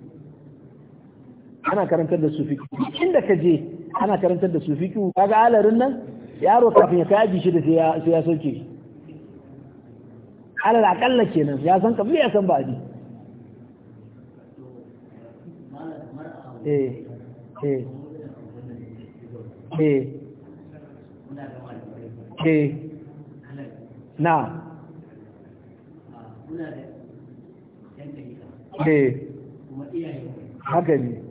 Speaker 1: ana karantar da su fiqh inda ka je ana karantar da su fiqh kaga alarin nan yaro kafin ya kai aji shi da sai ya soke alal akalla kenan ya san kafin ya san ba'adi eh eh eh eh na eh haka ne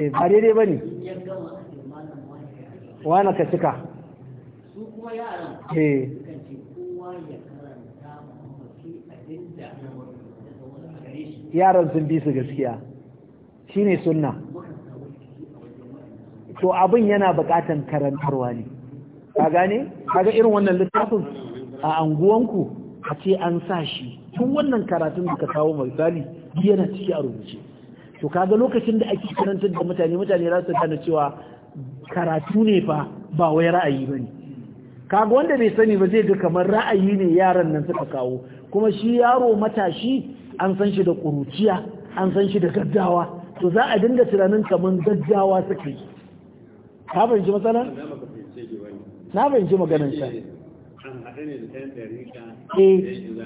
Speaker 2: Eh, ba daidai ba ne
Speaker 1: wane ka cika eh. yaran sun bi su gaskiya Shi ne sunna to abin yana bukatan karantarwa ne ka gane kaga irin wannan littafin a anguwanku a ce an sa shi tun wannan karatun da ka kawo misali yana ciki a rubuce to kaga lokacin da ake karantar da mutane mutane za su gane cewa karatu ne fa ba wai ra'ayi ba ne kaga wanda bai sani ba zai ga kamar ra'ayi ne yaran nan suka kawo kuma shi yaro matashi an san shi da ƙuruciya an san shi da gaggawa to za a dinga tunanin kamar gaggawa suka yi ka fahimci matsala na fahimci maganar sa
Speaker 3: eh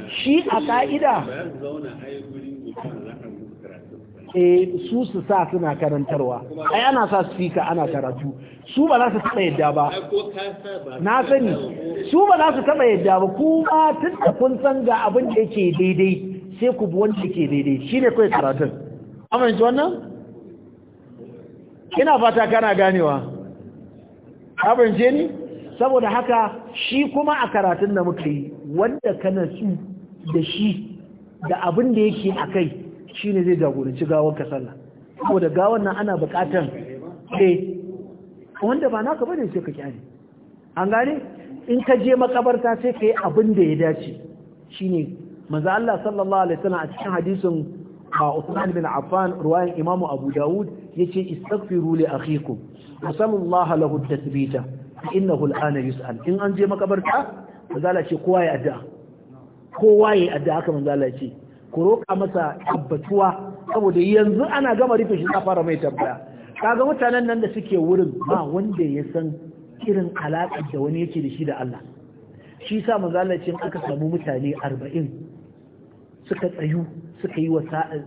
Speaker 3: shi a ka'ida
Speaker 1: Eh, su su sa suna karantarwa ai ana sa speaker ana karatu su ba za su taɓa yadda ba
Speaker 3: na sani su ba za su taɓa
Speaker 1: yadda ba kuma tun da kun san ga abin da yake daidai sai ku bi wanda yake daidai shine kai karatun yanzu wannan ina fata kana ganewa je ni saboda haka shi kuma a karatun da muka yi wanda ka su da shi da abin da yake a kai ne zai jagoranci gawar ka sallah saboda gawar nan ana buƙatar eh wanda ba naka bane sai ka kyale an gane in ka je makabarta sai ka yi abin da ya dace shine manzo Allah sallallahu alaihi wasallam a cikin hadisin Uthman bin Affan ruwayan Imam Abu Dawud yace istaghfiru li akhikum wasallallahu lahu at-tathbita innahu al-ana yus'al in an je makabarta manzo Allah ce kowa ya addu'a kowa ya addu'a haka manzo Allah ce ku roƙa masa tabbatuwa saboda yanzu ana gama rufe shi fara mai tambaya kaga mutanen nan da suke wurin ba wanda ya san irin alaƙa da wani yake da shi da Allah shi sa mazalacin aka samu mutane arba'in suka tsayu suka yi wa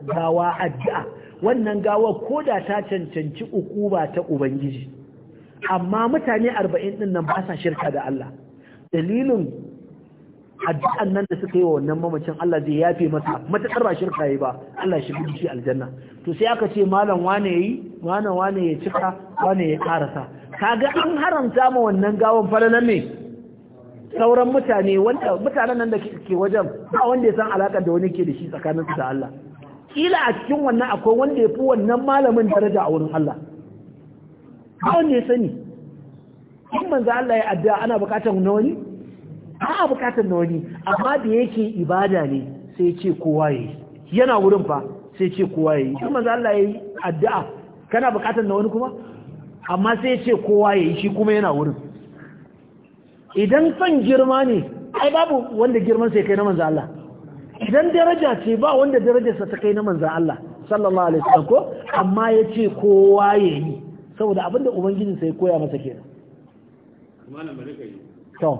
Speaker 1: gawa addu'a wannan gawa ko da ta cancanci ukuba ta ubangiji amma mutane arba'in din nan ba sa shirka da Allah dalilin addu'an nan da suka yi wa wannan mamacin Allah zai yafe masa matakar ba shirka yi ba Allah shi gudu shi aljanna to sai aka ce malam wane yi wane wane ya cika wane ya karasa kaga an haramta ma wannan gawan falalan ne sauran mutane wanda mutanen nan da ke wajen ba wanda ya san alakar da wani ke da shi tsakaninsu da Allah kila a cikin wannan akwai wanda ya fi wannan malamin daraja a wurin Allah ba wanda ya sani in manzo Allah ya addu'a ana bukatar na wani a bukatar na wani amma da yake ibada ne sai ce kowa yi yana wurin fa sai ce kowa yi shi manzo Allah yayi addu'a kana bukatar na wani kuma amma sai ce kowa yi shi kuma yana wurin idan son girma ne ai babu wanda girman sai kai na manzo Allah idan daraja ce ba wanda darajarsa ta kai na manzo Allah sallallahu alaihi wasallam ko amma yace kowa yi saboda abinda ubangijin sai koya masa kenan
Speaker 3: malam bare kai
Speaker 1: to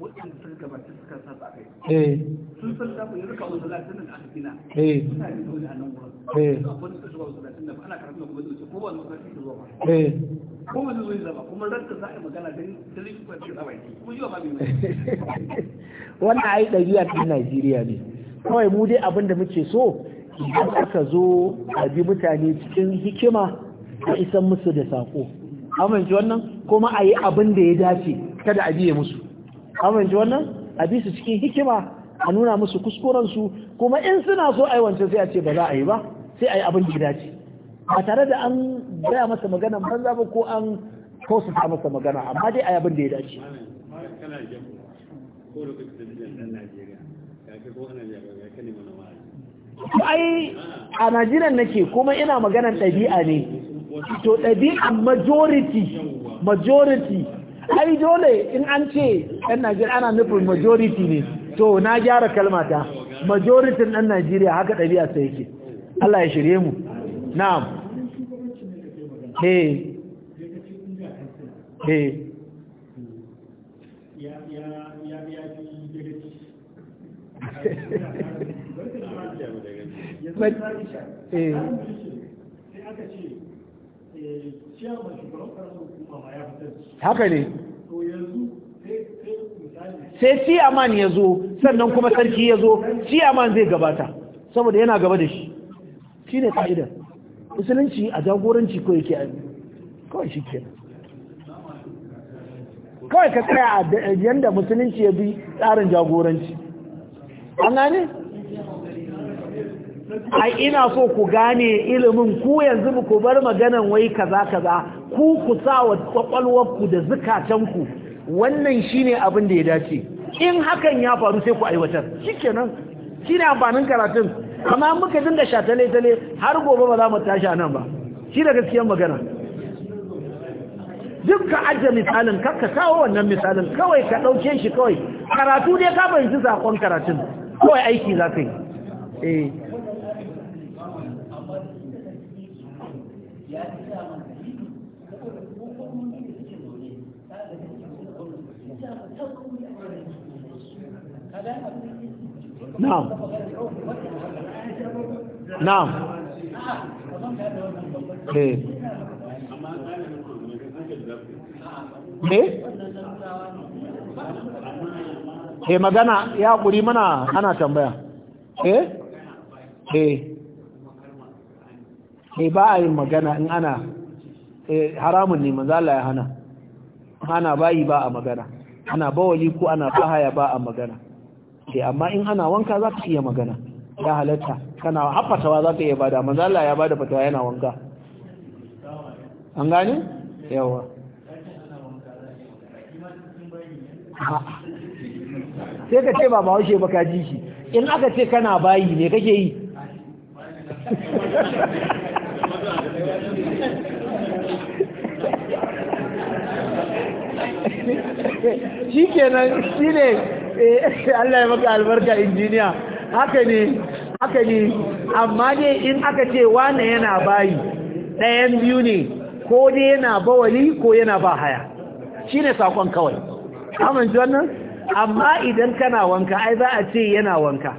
Speaker 1: waɗanda sun gabata suka sa su aka yi eh. sun san da ya rika wasu latin a aka gina eh. suna da dole a nan wurin eh. akwai suka shiga wasu latin da ana karatu da kuma zuci ko wani lokaci ta zuwa ba ko wani zuwa zaba kuma ranta za a yi magana don tare shi kwanci a baki kuma yi wa ba mai wannan ai ɗabi'a ta Najeriya ne kawai mu dai abin da muke so idan aka zo a bi mutane cikin hikima a isan musu da sako amince wannan kuma a yi abin da ya dace kada a biye musu amince wannan a bisu cikin hikima a nuna musu kuskurensu kuma in suna so aiwance sai a ce ba za a yi ba sai a yi abin gida ce ba tare da an gaya masa magana banza ba ko an kosa ta masa magana amma dai a yi abin da ya dace ai a najeriya nake kuma ina maganar ɗabi'a ne to ɗabi'a majority majority ai dole in an ce ɗan Najeriya ana nufin majority ne to na gyara kalmata majority ɗan Najeriya haka ɗabi'a sai yake Allah ya shirye mu na'am eh eh haka ne
Speaker 2: sai ciyaman
Speaker 1: ya zo sannan kuma sarki ya zo ciyaman zai gabata saboda yana gaba da shi shi ne ƙa'idar musulunci a jagoranci ko yake kawai shi kenan kawai ka tsaya a yadda musulunci ya bi tsarin jagoranci an gane?
Speaker 2: ai ina so ku
Speaker 1: gane ilimin ku yanzu ku bar maganan wai kaza kaza ku ku sa wa kwakwalwarku da zukatanku wannan shine abin da ya dace in hakan ya faru sai ku aiwatar shikenan shine amfanin karatun amma muka dinga shatale tale har gobe ba za mu tashi nan ba shi da gaskiyar magana duk ka ajiye misalin kakka kawo wannan misalin kawai ka ɗauke shi kawai karatu dai ka fahimci sakon karatun kawai aiki za ka yi eh.
Speaker 2: na'am
Speaker 1: na'am
Speaker 3: eh
Speaker 2: eh magana ya kuri
Speaker 1: mana ana tambaya eh eh ba a yin magana in ana eh, haramun ne manzala ya hana hana bayi ba a magana ana bawali ko ana bahaya ba a magana sai eh, amma in ana wanka za ka iya magana ya halatta kana haffatawa za ka iya bada manzo Allah ya bada fatawa yana wanka an gane yawa
Speaker 2: sai ka ce ba ba haushe ba ka ji
Speaker 1: shi in aka ce kana bayi ne kake yi shi kenan shi ne eh, Allah ya maka albarka injiniya haka ne haka ne amma ne in aka ce wane yana bayi ɗayan biyu ne ko dai yana bawali ko yana ba haya shi ne sakon kawai amince wannan amma idan kana wanka ai za a ce yana wanka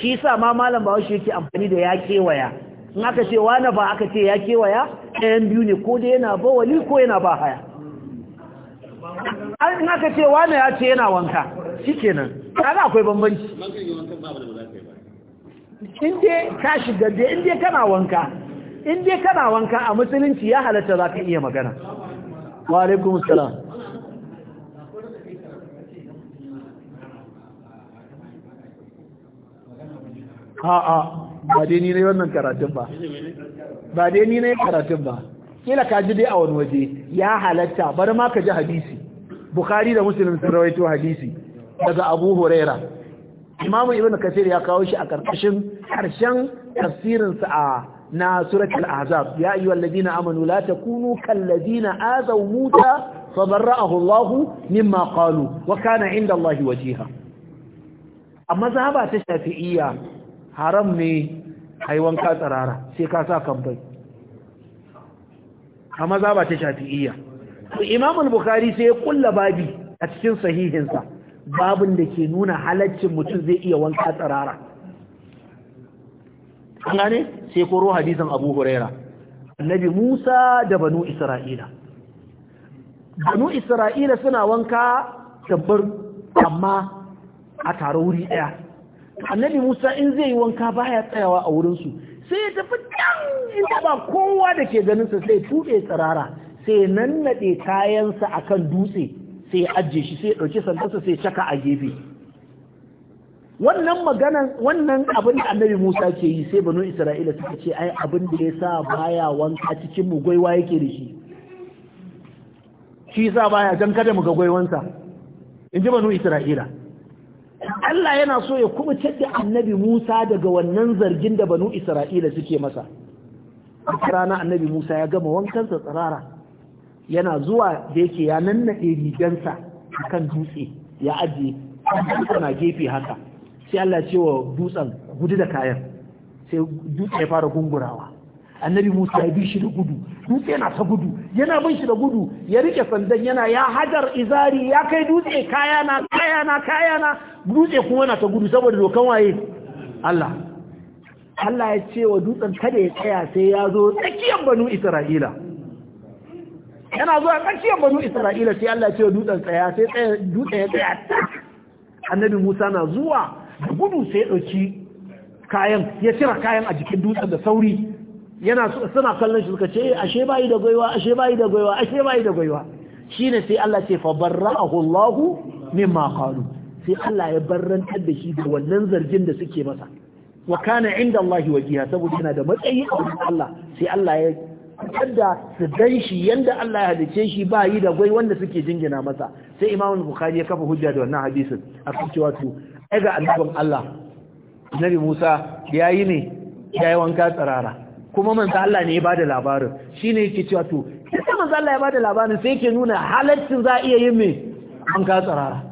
Speaker 1: shi sa ma malam ba wasu yake amfani da ya kewaya in aka ce wane ba aka ce ya kewaya ɗayan biyu ne ko dai yana bawali ko yana ba haya an ina ka ce wane ya ce yana wanka shikenan kaga akwai bambanci in dai ka shiga dai in dai kana wanka in dai kana wanka a musulunci ya halatta za ka iya magana wa alaikum salam a'a ba dai ni ne wannan karatun ba ba dai ni ne karatun ba kila ka ji dai a wani waje ya halatta bar ma ka ji hadisi bukhari da muslim sun rawaito hadisi daga abu huraira imamu ibn kasir ya kawo shi a karkashin harshen sa a na al ahzab ya ayyuhal ladina amanu la takunu kal ladina azaw musa fabarra'ahu allah mimma qalu wa kana inda allah wajiha amma zaba ta shafi'iyya haram ne haiwan ka tsarara sai ka sa kambai amma zaba ta shafi'iyya imam al-bukhari sai ya kulla babi a cikin sahihinsa babin da ke nuna halaccin mutum zai iya wanka tsirara an gane sai koro hadisin abu huraira annabi musa da banu isra'ila banu isra'ila suna wanka tabbar amma a tare wuri daya annabi musa in zai yi wanka baya tsayawa a wurinsu sai ya tafi can inda ba kowa da ke ganinsa sai tuɗe tsirara sai naɗe kayansa akan dutse sai ya ajiye shi sai ya ɗauki sandarsa sai ya caka a gefe wannan magana wannan abin da annabi Musa ke yi sai banu Isra'ila suka ce ai abin da ya sa baya wanka cikin mu gwaiwa yake da shi shi sa baya don kada mu ga gwaiwansa in ji banu Isra'ila Allah yana so ya kuma da annabi Musa daga wannan zargin da banu Isra'ila suke masa rana annabi Musa ya gama wankansa tsirara yana zuwa da yake ya nannaɗe rigansa kan dutse ya ajiye na gefe haka sai Allah ce wa dutsen gudu da kayan sai dutse ya fara gungurawa annabi Musa ya bi shi da gudu dutse yana ta gudu yana bin shi da gudu ya rike sandan yana ya hajar izari ya kai dutse kayana kayana kayana dutse kuma na ta gudu saboda dokan waye Allah Allah ya ce wa dutsen kada ya tsaya sai ya zo tsakiyar banu Isra'ila yana zuwa ƙarshen banu isra'ila sai Allah ce dutsen tsaya sai dutsen ya tsaya annabi musa na zuwa da gudu sai ya ɗauki kayan ya cira kayan a jikin dutsen da sauri yana suna kallon shi suka ce eh, ashe bayi da gwaiwa ashe bayi da gwaiwa ashe bayi da gwaiwa shine sai Allah ce fa barra'ahu Allah min qalu sai Allah ya barrantar da shi da wannan zargin da suke masa wa kana inda Allah wajiha saboda yana da matsayi a wurin Allah sai Allah ya yadda su gan shi yadda Allah ya halice shi ba yi da gwai wanda suke jingina masa sai imamu bukhari ya kafa hujja da wannan hadisin a kan cewa to ai ga annabin Allah nabi Musa ya yi ne ya yi wanka tsirara kuma manzo Allah ne ya bada labarin shine yake cewa to sai manzo Allah ya bada labarin sai yake nuna halaccin za iya yin me wanka tsirara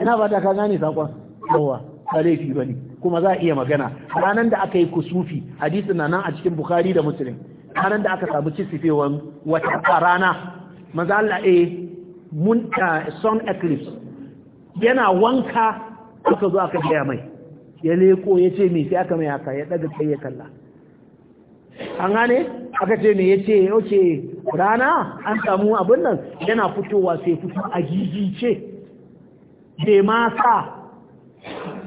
Speaker 1: ina ba ta ka gane sakon yawa ba laifi bane kuma za a iya magana ranar da aka yi kusufi hadisin na nan a cikin bukhari da muslim ranar da aka samu cisifewan wata rana maza Allah eh mun sun eclipse yana wanka aka zo aka gaya mai ya leko ya ce mai sai aka mai aka ya daga kai ya kalla an gane aka ce mai ya ce yauce rana an samu abin nan yana fitowa sai fito a gigice bai ma sa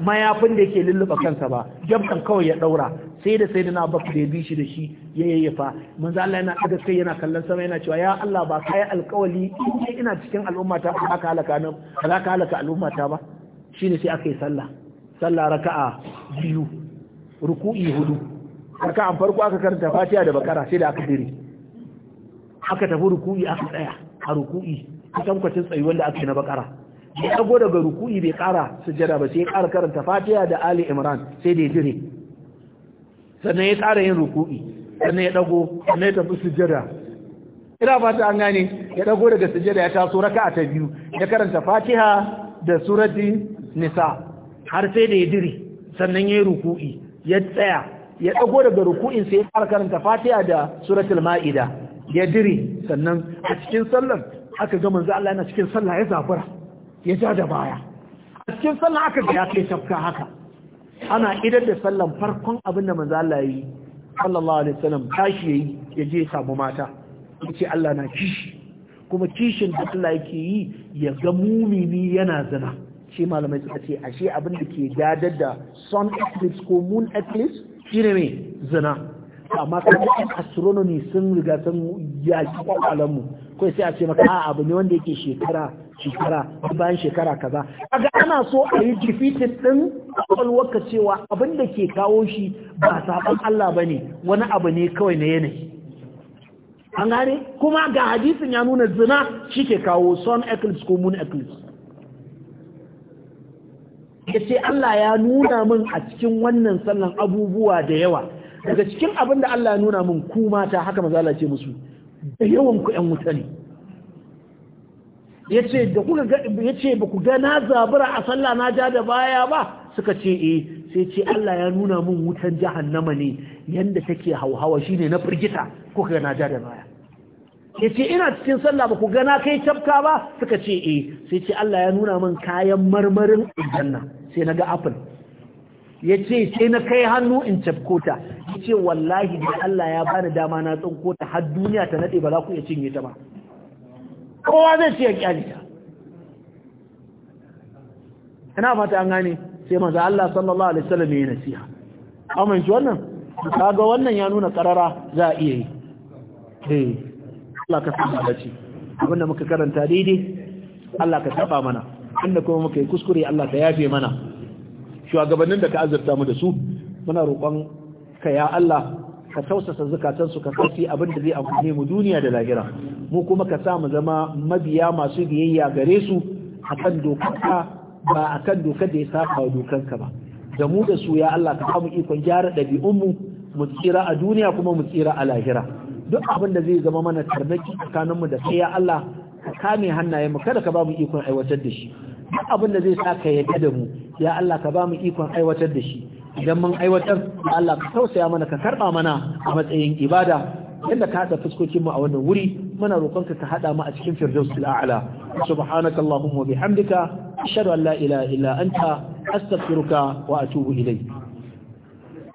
Speaker 1: mayafin da yake lulluɓa kansa ba jamkan kawai ya ɗaura sai da sai da na da ya bi shi da shi ya yayyafa manzo Allah yana daga kai yana kallon sama yana cewa ya Allah ba kai alƙawali in ina cikin al'ummata ba ka halaka nan halaka halaka al'ummata ba shine sai aka yi sallah sallah raka'a biyu ruku'i hudu an farko aka karanta Fatiha da Bakara sai da aka dire aka tafi ruku'i aka tsaya a ruku'i kusan kwacin tsayuwar da aka yi na Bakara ya dago daga ruku'i bai kara sujada ba sai ya kara karanta fatiha da ali imran sai da ya jire sannan ya tsara yin ruku'i sannan ya dago sannan ya tafi sujada. ina fata an gane ya dago daga sujada ya taso raka'a ta biyu ya karanta fatiha da surati nisa har sai da ya dire sannan ya yi ruku'i ya tsaya ya dago daga ruku'in sai ya kara karanta fatiha da suratul ma'ida ya dire sannan a cikin sallar aka ga manzo Allah yana cikin sallah ya zafura ya ja da baya a cikin sallah aka ga ya kai shafka haka ana idar da sallan farkon abin da manzo Allah yayi sallallahu alaihi wasallam tashi yayi ya je samu mata yace Allah na kishi kuma kishin da Allah yake yi ya ga mumini yana zina shi malamai suka ce ashe abin da ke dadar da sun eclipse ko moon eclipse shine me zina amma kuma astronomy sun riga sun yaki kwakwalan mu sai a ce maka a abu ne wanda yake shekara shekara bayan shekara kaza kaga ana so a yi defeated din kwakwalwarka cewa abin da ke kawo shi ba saban Allah bane wani abu ne kawai na yanayi an gane kuma ga hadisin ya nuna zina shi ke kawo son eclipse ko moon eclipse ya ce Allah ya nuna min a cikin wannan sallan abubuwa da yawa daga cikin abin da Allah ya nuna min ku mata haka maza ce musu da yawan ku 'yan wuta ne yace da kuka ga yace ba ku ga zabura a sallah na ja da baya ba suka ce eh sai ce Allah ya nuna mun wutan jahannama ne yanda take hauhawa shine na firgita kuka ka na ja da baya yace ina cikin sallah ba ku gana kai tafka ba suka ce eh sai ce Allah ya nuna mun kayan marmarin aljanna sai na ga ya yace sai na kai hannu in ya yace wallahi da Allah ya bani dama na tsinko ta har duniya ta nade ba za ku iya cinye ta ba kowa zai ce ya ina fata an gane sai maza Allah sallallahu alaihi wasallam ya nasiha amma ji wannan kaga wannan ya nuna karara za a iya yi eh Allah ka saba da shi abinda muka karanta daidai Allah ka saba mana inda kuma muka yi kuskure Allah ka yafe mana shugabannin da ka azurta mu da su muna roƙon ka ya Allah ka tausasa zukatansu ka kafi abin da zai amfane mu duniya da lahira mu kuma ka sa mu zama mabiya masu biyayya gare su akan dokarka ba akan dokar da ya sakawa wa dokarka ba da mu da su ya Allah ka samu ikon gyara ɗabi'unmu mu tsira a duniya kuma mu tsira a lahira duk abin da zai zama mana tarnaki tsakaninmu da sai ya Allah ka kame hannaye mu kada ka ba mu ikon aiwatar da shi duk abin da zai sa ka yadda da mu ya Allah ka ba mu ikon aiwatar da shi idan mun aiwatar Allah ka tausaya mana ka karba mana a matsayin ibada inda ka haɗa fuskokin mu a wannan wuri muna roƙonka ka haɗa mu a cikin firdausul a'la subhanaka allahumma wa bihamdika ashhadu an la ilaha illa anta astaghfiruka wa atubu ilayk